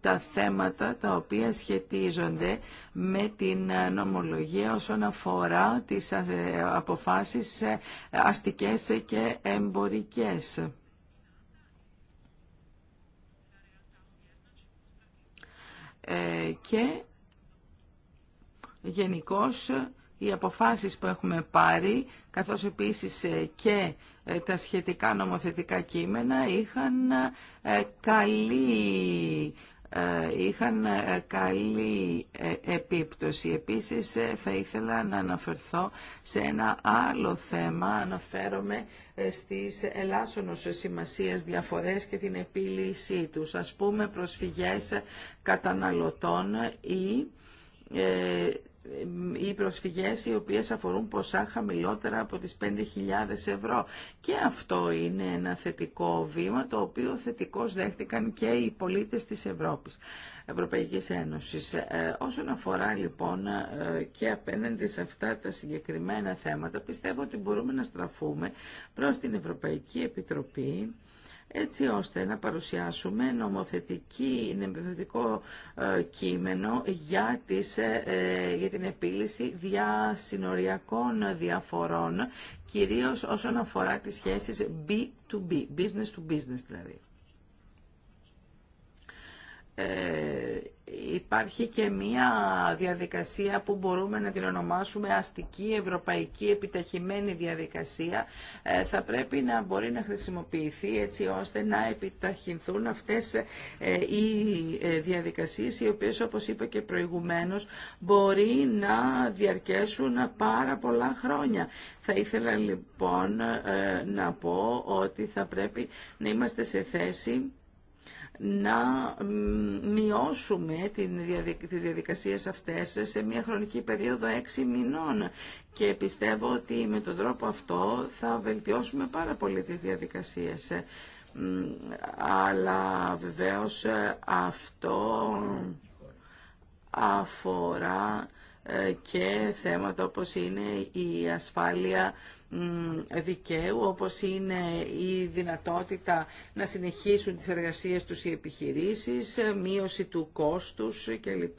τα θέματα τα οποία σχετίζονται με την ε, νομολογία όσον αφορά τις ε, αποφάσεις ε, αστικές και εμπορικές. και γενικώ οι αποφάσεις που έχουμε πάρει, καθώς επίσης και τα σχετικά νομοθετικά κείμενα, είχαν καλή ε, είχαν ε, καλή ε, επίπτωση. Επίσης θα ήθελα να αναφερθώ σε ένα άλλο θέμα. Αναφέρομαι στις ελάσσονος σημασίας διαφορές και την επίλυσή τους. Ας πούμε προσφυγές καταναλωτών ή ε, οι προσφυγές οι οποίες αφορούν ποσά χαμηλότερα από τις 5.000 ευρώ. Και αυτό είναι ένα θετικό βήμα το οποίο θετικώς δέχτηκαν και οι πολίτες της Ευρώπης, Ευρωπαϊκής Ένωσης. Ε, όσον αφορά λοιπόν ε, και απέναντι σε αυτά τα συγκεκριμένα θέματα, πιστεύω ότι μπορούμε να στραφούμε προς την Ευρωπαϊκή Επιτροπή έτσι ώστε να παρουσιάσουμε νομοθετική, νομοθετικό ε, κείμενο για, τις, ε, ε, για την επίλυση διασυνοριακών διαφορών, κυρίως όσον αφορά τις σχέσεις B2B, business to business δηλαδή. Ε, υπάρχει και μία διαδικασία που μπορούμε να την ονομάσουμε αστική ευρωπαϊκή επιταχυμένη διαδικασία ε, θα πρέπει να μπορεί να χρησιμοποιηθεί έτσι ώστε να επιταχυνθούν αυτές ε, οι διαδικασίες οι οποίες όπως είπα και προηγουμένως μπορεί να διαρκέσουν πάρα πολλά χρόνια. Θα ήθελα λοιπόν να πω ότι θα πρέπει να είμαστε σε θέση να μειώσουμε τις διαδικασίες αυτές σε μια χρονική περίοδο έξι μηνών και πιστεύω ότι με τον τρόπο αυτό θα βελτιώσουμε πάρα πολύ τις διαδικασίες. Αλλά βεβαίως ε, αυτό αφορά ε, και θέματα όπως είναι η ασφάλεια δικαίου όπως είναι η δυνατότητα να συνεχίσουν τις εργασίες τους οι επιχειρήσεις, μείωση του κόστους κλπ.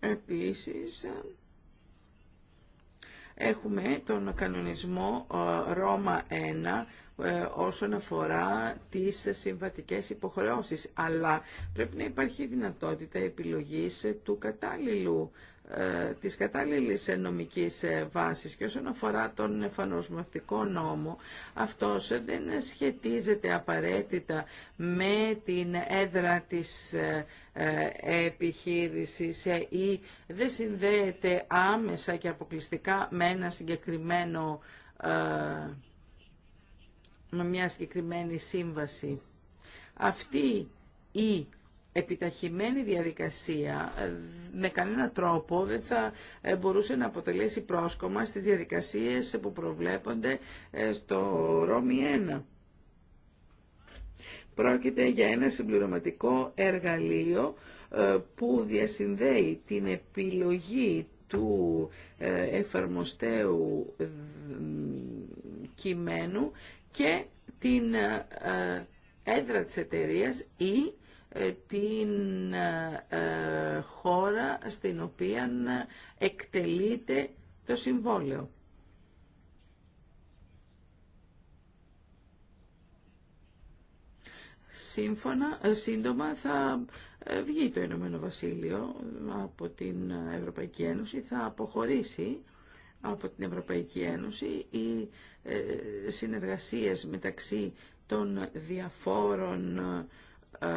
Επίσης, έχουμε τον κανονισμό ε, Ρώμα 1 ε, όσον αφορά τις συμβατικές υποχρεώσεις. Αλλά πρέπει να υπάρχει δυνατότητα επιλογής του κατάλληλου ε, της κατάλληλης νομικής ε, βάσης και όσον αφορά τον εφαρμοσματικό νόμο αυτός δεν σχετίζεται απαραίτητα με την έδρα της επιχείρησης ή δεν συνδέεται άμεσα και αποκλειστικά με ένα συγκεκριμένο με μια συγκεκριμένη σύμβαση. Αυτή η επιταχυμένη διαδικασία ε, με κανένα τρόπο δεν θα ε, μπορούσε να αποτελέσει πρόσκομα στις διαδικασίες που προβλέπονται ε, στο Ρώμη 1. Πρόκειται για ένα συμπληρωματικό εργαλείο που διασυνδέει την επιλογή του εφαρμοστέου κειμένου και την ε, ε, έδρα της εταιρείας ή ε, την χώρα στην οποία εκτελείται το συμβόλαιο. Σύμφωνα, σύντομα θα βγει το Ηνωμένο Βασίλειο από την Ευρωπαϊκή Ένωση, θα αποχωρήσει από την Ευρωπαϊκή Ένωση. Η ε, συνεργασίες μεταξύ των διαφόρων ε,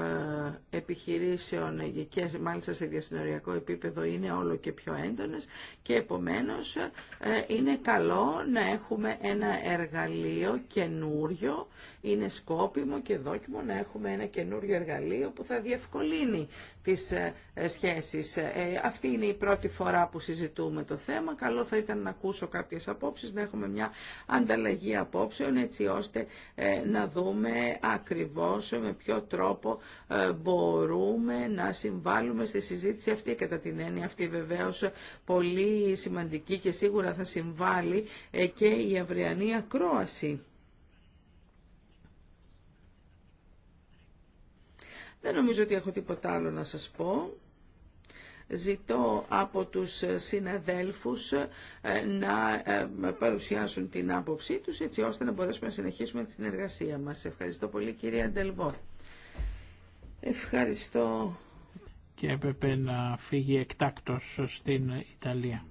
επιχειρήσεων ε, και μάλιστα σε διασυνοριακό επίπεδο είναι όλο και πιο έντονες και επομένως είναι καλό να έχουμε ένα εργαλείο καινούριο, είναι σκόπιμο και δόκιμο να έχουμε ένα καινούριο εργαλείο που θα διευκολύνει τις ε, ε, σχέσεις. Ε, αυτή είναι η πρώτη φορά που συζητούμε το θέμα. Καλό θα ήταν να ακούσω κάποιες απόψεις, να έχουμε μια ανταλλαγή απόψεων έτσι ώστε να δούμε ακριβώς με ποιο τρόπο μπορούμε να συμβάλλουμε στη συζήτηση αυτή κατά την έννοια αυτή βεβαίως πολύ σημαντική και σίγουρα θα συμβάλλει και η αυριανή ακρόαση Δεν νομίζω ότι έχω τίποτα άλλο να σας πω. Ζητώ από τους συναδέλφους ε, να ε, παρουσιάσουν την άποψή τους έτσι ώστε να μπορέσουμε να συνεχίσουμε τη συνεργασία μας. Ευχαριστώ πολύ κυρία Ντελβό. Ευχαριστώ. Και έπρεπε να φύγει εκτάκτος στην Ιταλία.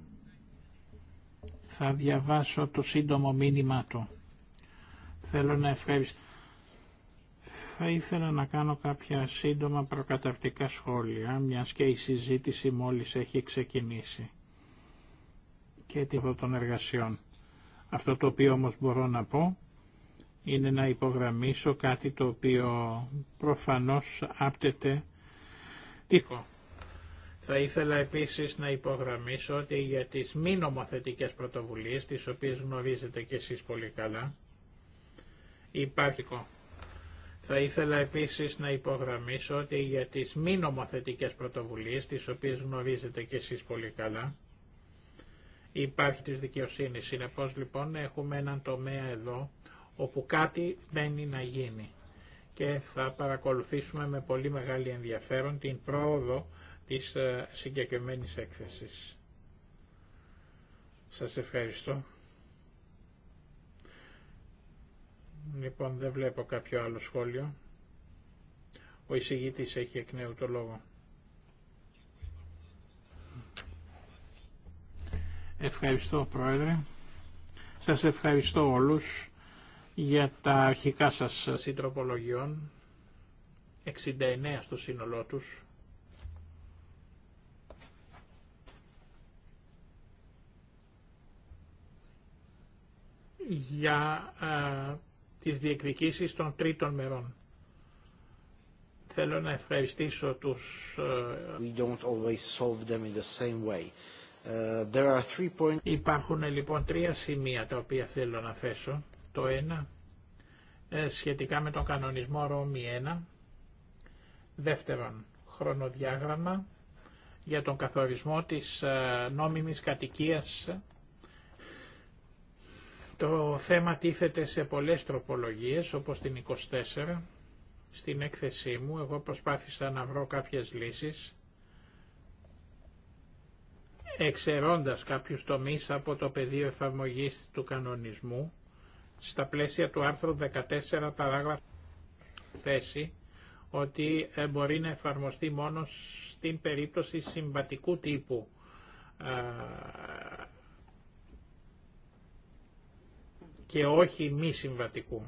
Θα διαβάσω το σύντομο μήνυμά του. Θέλω να ευχαριστώ. Θα ήθελα να κάνω κάποια σύντομα προκαταρτικά σχόλια, μιας και η συζήτηση μόλις έχει ξεκινήσει και το των εργασιών. Αυτό το οποίο όμως μπορώ να πω είναι να υπογραμμίσω κάτι το οποίο προφανώς άπτεται τίκο. Θα ήθελα επίσης να υπογραμμίσω ότι για τις μη νομοθετικές πρωτοβουλίες, τις οποίες γνωρίζετε και εσείς πολύ καλά, υπάρχει θα ήθελα επίσης να υπογραμμίσω ότι για τις μη νομοθετικές πρωτοβουλίες, τις οποίες γνωρίζετε και εσείς πολύ καλά, υπάρχει της δικαιοσύνης. Συνεπώς λοιπόν έχουμε έναν τομέα εδώ όπου κάτι μένει να γίνει και θα παρακολουθήσουμε με πολύ μεγάλη ενδιαφέρον την πρόοδο της ε, συγκεκριμένης έκθεσης. Σας ευχαριστώ. Λοιπόν, δεν βλέπω κάποιο άλλο σχόλιο. Ο εισηγητής έχει εκ νέου το λόγο. Ευχαριστώ, Πρόεδρε. Σας ευχαριστώ όλους για τα αρχικά σας συντροπολογιών, 69 στο σύνολό τους. για ε, τις διεκδικήσεις των τρίτων μερών. Θέλω να ευχαριστήσω τους... Ε, We don't always solve them in the same way. Ε, there are three Υπάρχουν λοιπόν τρία σημεία τα οποία θέλω να θέσω. Το ένα ε, σχετικά με τον κανονισμό Ρώμη 1. Δεύτερον, χρονοδιάγραμμα για τον καθορισμό της νόμιμης κατοικίας το θέμα τίθεται σε πολλές τροπολογίες, όπως την 24. Στην έκθεσή μου εγώ προσπάθησα να βρω κάποιες λύσεις, εξαιρώντας κάποιους τομείς από το πεδίο εφαρμογής του κανονισμού, στα πλαίσια του άρθρου 14 παράγραφου θέση, ότι ε, μπορεί να εφαρμοστεί μόνο στην περίπτωση συμβατικού τύπου ε, και όχι μη συμβατικού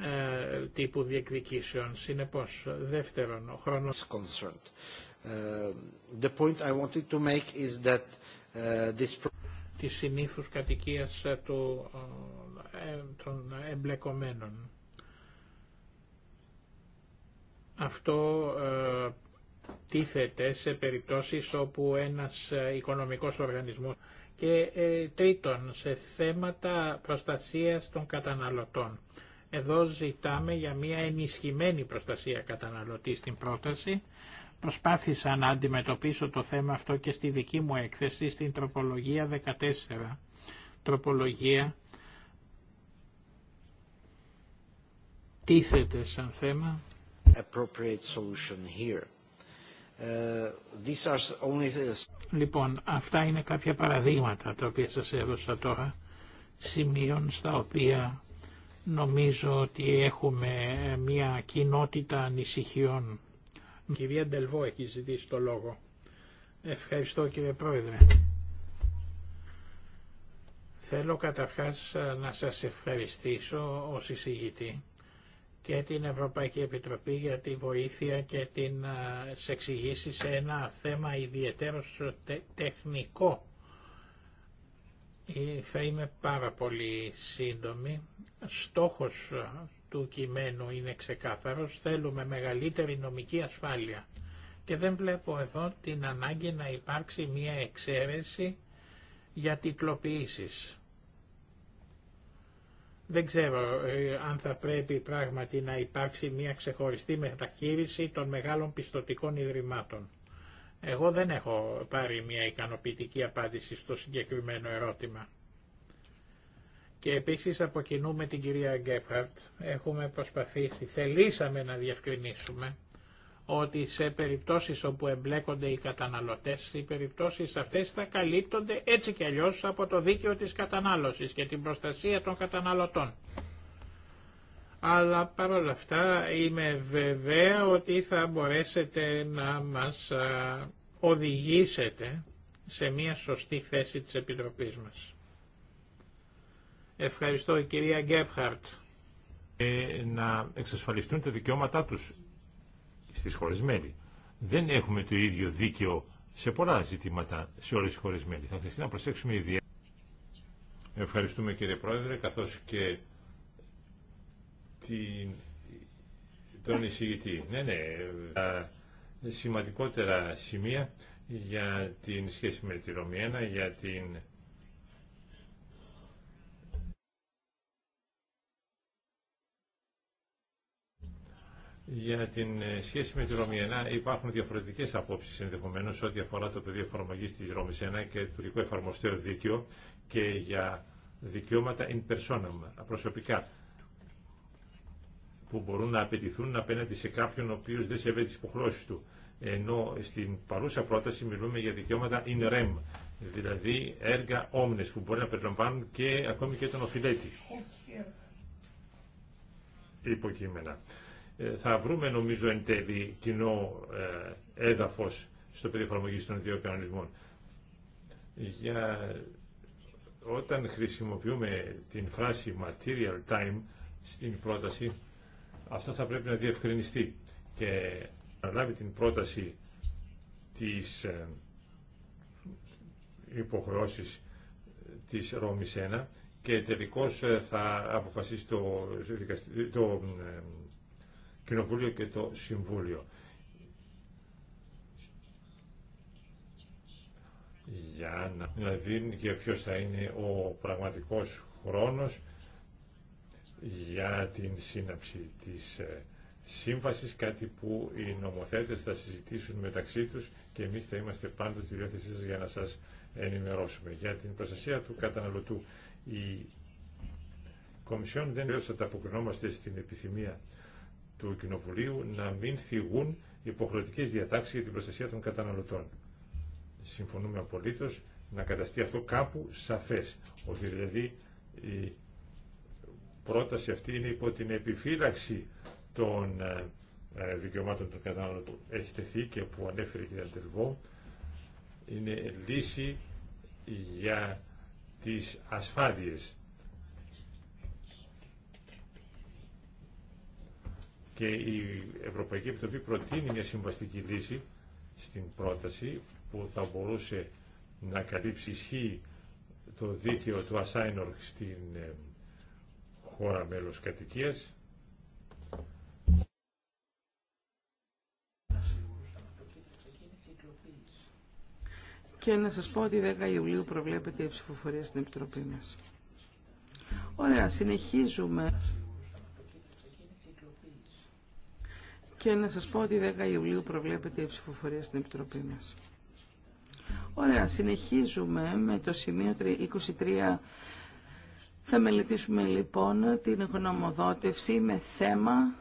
ε, τύπου διεκδικήσεων. Συνεπώς, δεύτερον, ο χρόνος... Ε, the point I wanted to make is that ε, this... της συνήθους κατοικίας του, των εμπλεκομένων. Αυτό τίθεται σε περιπτώσεις όπου ένας οικονομικός οργανισμός και ε, τρίτον σε θέματα προστασίας των καταναλωτών. Εδώ ζητάμε για μια ενισχυμένη προστασία καταναλωτή στην πρόταση. Προσπάθησα να αντιμετωπίσω το θέμα αυτό και στη δική μου έκθεση στην τροπολογία 14. Τροπολογία τίθεται σαν θέμα. Appropriate Λοιπόν, αυτά είναι κάποια παραδείγματα τα οποία σας έδωσα τώρα σημείων στα οποία νομίζω ότι έχουμε μια κοινότητα ανησυχιών. κυρία Ντελβό έχει ζητήσει το λόγο. Ευχαριστώ κύριε Πρόεδρε. Θέλω καταρχάς να σας ευχαριστήσω ως εισηγητή και την Ευρωπαϊκή Επιτροπή για τη βοήθεια και την εξηγήσει σε ένα θέμα ιδιαίτερος τεχνικό. Ε, θα είμαι πάρα πολύ σύντομη. Στόχος του κειμένου είναι ξεκάθαρος. Θέλουμε μεγαλύτερη νομική ασφάλεια. Και δεν βλέπω εδώ την ανάγκη να υπάρξει μία εξαίρεση για τυπλοποιήσεις. Δεν ξέρω ε, αν θα πρέπει πράγματι να υπάρξει μια ξεχωριστή μεταχείριση των μεγάλων πιστοτικών ιδρυμάτων. Εγώ δεν έχω πάρει μια ικανοποιητική απάντηση στο συγκεκριμένο ερώτημα. Και επίσης από κοινού με την κυρία Γκέφαρτ έχουμε προσπαθήσει, θελήσαμε να διευκρινίσουμε ότι σε περιπτώσεις όπου εμπλέκονται οι καταναλωτές, οι περιπτώσεις αυτές θα καλύπτονται έτσι και αλλιώς από το δίκαιο της κατανάλωσης και την προστασία των καταναλωτών. Αλλά παρόλα αυτά είμαι βεβαία ότι θα μπορέσετε να μας οδηγήσετε σε μια σωστή θέση της Επιτροπής μας. Ευχαριστώ η κυρία Γκέπχαρτ. Ε, να εξασφαλιστούν τα δικαιώματά τους Στι χώρε μέλη. Δεν έχουμε το ίδιο δίκαιο σε πολλά ζητήματα σε όλες τις χώρε μέλη. Θα χρειαστεί να προσέξουμε ιδιαίτερα. Ευχαριστούμε κύριε Πρόεδρε, καθώς και την... τον εισηγητή. Ναι, ναι, τα σημαντικότερα σημεία για την σχέση με τη Ρωμιένα, για την Για την ε, σχέση με τη Ρώμη 1 υπάρχουν διαφορετικέ απόψει ενδεχομένω ό,τι αφορά το πεδίο εφαρμογή τη Ρώμη 1 και το δικό εφαρμοστέο δίκαιο και για δικαιώματα in personam, προσωπικά, που μπορούν να απαιτηθούν απέναντι σε κάποιον ο οποίο δεν σέβεται τι υποχρεώσει του. Ενώ στην παρούσα πρόταση μιλούμε για δικαιώματα in rem, δηλαδή έργα όμνε που μπορεί να περιλαμβάνουν και ακόμη και τον οφειλέτη. Υποκείμενα. Ε, θα βρούμε νομίζω εν τέλει κοινό ε, έδαφος στο περιφαρμογή των δύο κανονισμών. Για... Όταν χρησιμοποιούμε την φράση material time στην πρόταση, αυτό θα πρέπει να διευκρινιστεί και να λάβει την πρόταση της ε, υποχρεώσεις της Ρώμης 1 και τελικώς θα αποφασίσει το, το Κοινοβούλιο και το Συμβούλιο. Για να, να δίνει και ποιος θα είναι ο πραγματικός χρόνος για την σύναψη της ε, σύμβασης, κάτι που οι νομοθέτες θα συζητήσουν μεταξύ τους και εμείς θα είμαστε πάντοτε στη διάθεσή σας για να σας ενημερώσουμε. Για την προστασία του καταναλωτού, η Κομισιόν δεν τα ανταποκρινόμαστε στην επιθυμία του Κοινοβουλίου να μην θυγούν υποχρεωτικές διατάξεις για την προστασία των καταναλωτών. Συμφωνούμε απολύτως να καταστεί αυτό κάπου σαφές, ότι δηλαδή η πρόταση αυτή είναι υπό την επιφύλαξη των ε, ε, δικαιωμάτων των καταναλωτών. Έχει τεθεί και που ανέφερε η Αντελβό είναι λύση για τις ασφάλειες και η Ευρωπαϊκή Επιτροπή προτείνει μια συμβαστική λύση στην πρόταση που θα μπορούσε να καλύψει ισχύ το δίκαιο του Ασάινορ στην ε, χώρα μέλος κατοικίας και να σας πω ότι 10 Ιουλίου προβλέπεται η ψηφοφορία στην Επιτροπή μας. Ωραία, συνεχίζουμε. και να σας πω ότι 10 Ιουλίου προβλέπεται η ψηφοφορία στην Επιτροπή μας. Ωραία, συνεχίζουμε με το σημείο 23. Θα μελετήσουμε λοιπόν την γνωμοδότευση με θέμα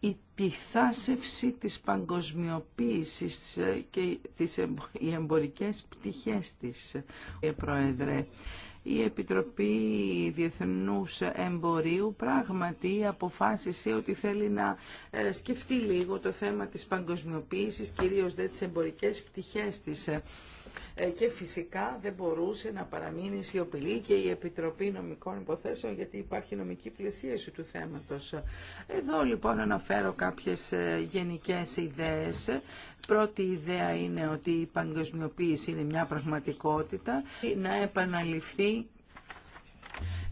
η πιθάσευση της παγκοσμιοποίησης ε, και τις, οι εμπορικές πτυχές της, ε, Πρόεδρε η Επιτροπή Διεθνούς Εμπορίου πράγματι αποφάσισε ότι θέλει να ε, σκεφτεί λίγο το θέμα της παγκοσμιοποίησης, κυρίως δε τις εμπορικές πτυχές της. Ε, ε, και φυσικά δεν μπορούσε να παραμείνει σιωπηλή και η Επιτροπή Νομικών Υποθέσεων γιατί υπάρχει νομική πλησίαση του θέματος. Εδώ λοιπόν αναφέρω κάποιες ε, γενικές ιδέες. Πρώτη ιδέα είναι ότι η παγκοσμιοποίηση είναι μια πραγματικότητα να επαναληφθεί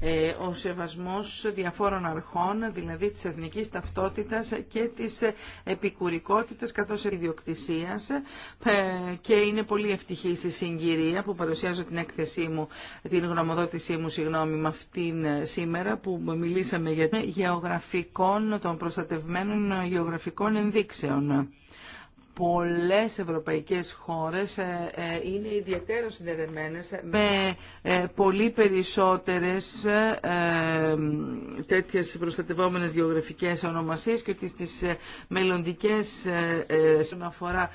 ε, ο σεβασμός διαφόρων αρχών, δηλαδή της εθνικής ταυτότητας και της επικουρικότητας καθώς ιδιοκτησίας ε, και είναι πολύ ευτυχή η συγκυρία που παρουσιάζω την έκθεσή μου, την γνωμοδότησή μου, συγγνώμη, με αυτήν σήμερα που μιλήσαμε για γεωγραφικών, των προστατευμένων γεωγραφικών ενδείξεων πολλές ευρωπαϊκές χώρες ε, ε, είναι ιδιαίτερα συνδεδεμένες με ε, πολύ περισσότερες τέτοιες προστατευόμενες γεωγραφικές ονομασίες και ότι στις μελλοντικές αφορά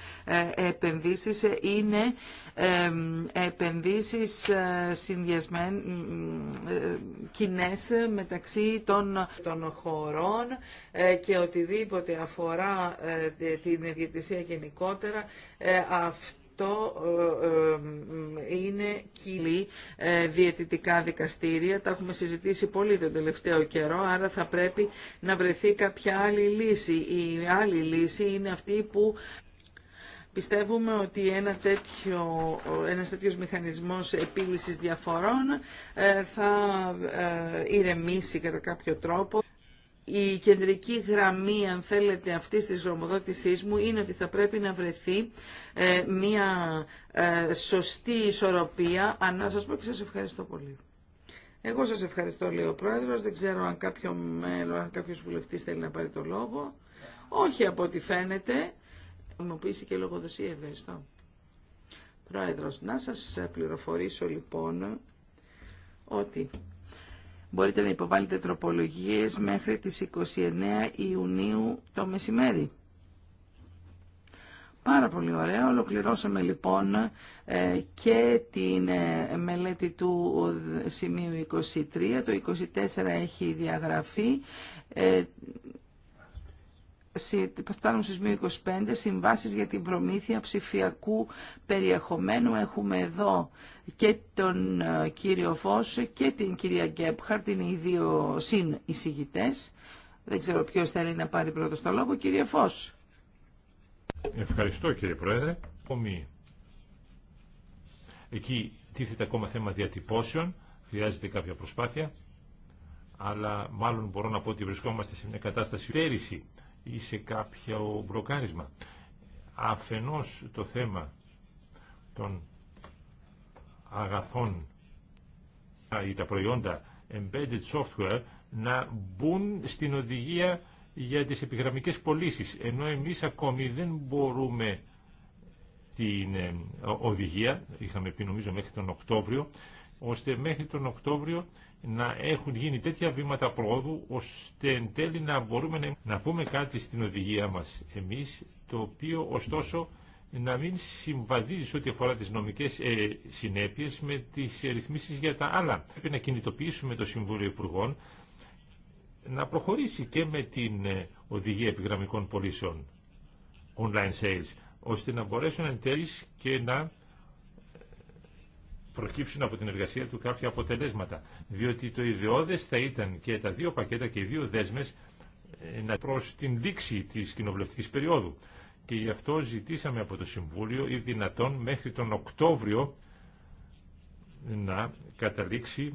επενδύσεις είναι επενδύσεις ε, συνδυασμένες κοινέ μεταξύ των, των χωρών ε, και οτιδήποτε αφορά ε, την ιδιαιτησία γενικότερα αυτό είναι κύλι διαιτητικά δικαστήρια. Τα έχουμε συζητήσει πολύ τον τελευταίο καιρό, άρα θα πρέπει να βρεθεί κάποια άλλη λύση. Η άλλη λύση είναι αυτή που Πιστεύουμε ότι ένα τέτοιο, ένας τέτοιος μηχανισμός επίλυσης διαφορών ε, θα ε, ηρεμήσει κατά κάποιο τρόπο. Η κεντρική γραμμή, αν θέλετε, αυτής της δρομοδότησής μου είναι ότι θα πρέπει να βρεθεί ε, μια σωστή ισορροπία. Ανά σας πω και σας ευχαριστώ πολύ. Εγώ σας ευχαριστώ, λέει ο Πρόεδρος. Δεν ξέρω αν κάποιο μέλο, αν κάποιος βουλευτής θέλει να πάρει το λόγο. Όχι από ό,τι φαίνεται νομοποίηση και λογοδοσία. ευαίσθητο. Πρόεδρος, να σας πληροφορήσω λοιπόν ότι μπορείτε να υποβάλλετε τροπολογίες μέχρι τις 29 Ιουνίου το μεσημέρι. Πάρα πολύ ωραία. Ολοκληρώσαμε λοιπόν ε, και την ε, μελέτη του σημείου 23. Το 24 έχει διαγραφεί. Ε, φτάνουμε στις 25, συμβάσεις για την προμήθεια ψηφιακού περιεχομένου. Έχουμε εδώ και τον ε, κύριο Φως και την κυρία Γκέπχαρτ, είναι οι δύο συν εισηγητές. Δεν ξέρω ποιος θέλει να πάρει πρώτο το λόγο. Κύριε Φως. Ευχαριστώ κύριε Πρόεδρε. Εκεί τίθεται ακόμα θέμα διατυπώσεων, χρειάζεται κάποια προσπάθεια, αλλά μάλλον μπορώ να πω ότι βρισκόμαστε σε μια κατάσταση τέρηση ή σε κάποιο μπροκάρισμα. Αφενός το θέμα των αγαθών ή τα προϊόντα embedded software να μπουν στην οδηγία για τις επιγραμμικές πωλήσει, ενώ εμείς ακόμη δεν μπορούμε την ε, οδηγία, είχαμε πει νομίζω μέχρι τον Οκτώβριο, ώστε μέχρι τον Οκτώβριο να έχουν γίνει τέτοια βήματα πρόοδου ώστε εν τέλει να μπορούμε να πούμε κάτι στην οδηγία μας εμείς το οποίο ωστόσο να μην συμβαδίζει ό,τι αφορά τις νομικές ε, συνέπειες με τις ρυθμίσεις για τα άλλα. Πρέπει να κινητοποιήσουμε το Συμβούλιο Υπουργών να προχωρήσει και με την ε, οδηγία επιγραμμικών πωλήσεων online sales ώστε να μπορέσουν εν τέλει και να προκύψουν από την εργασία του κάποια αποτελέσματα. Διότι το ιδεώδε θα ήταν και τα δύο πακέτα και οι δύο δέσμες ε, προ την λήξη της κοινοβουλευτική περίοδου. Και γι' αυτό ζητήσαμε από το Συμβούλιο ή δυνατόν μέχρι τον Οκτώβριο να καταλήξει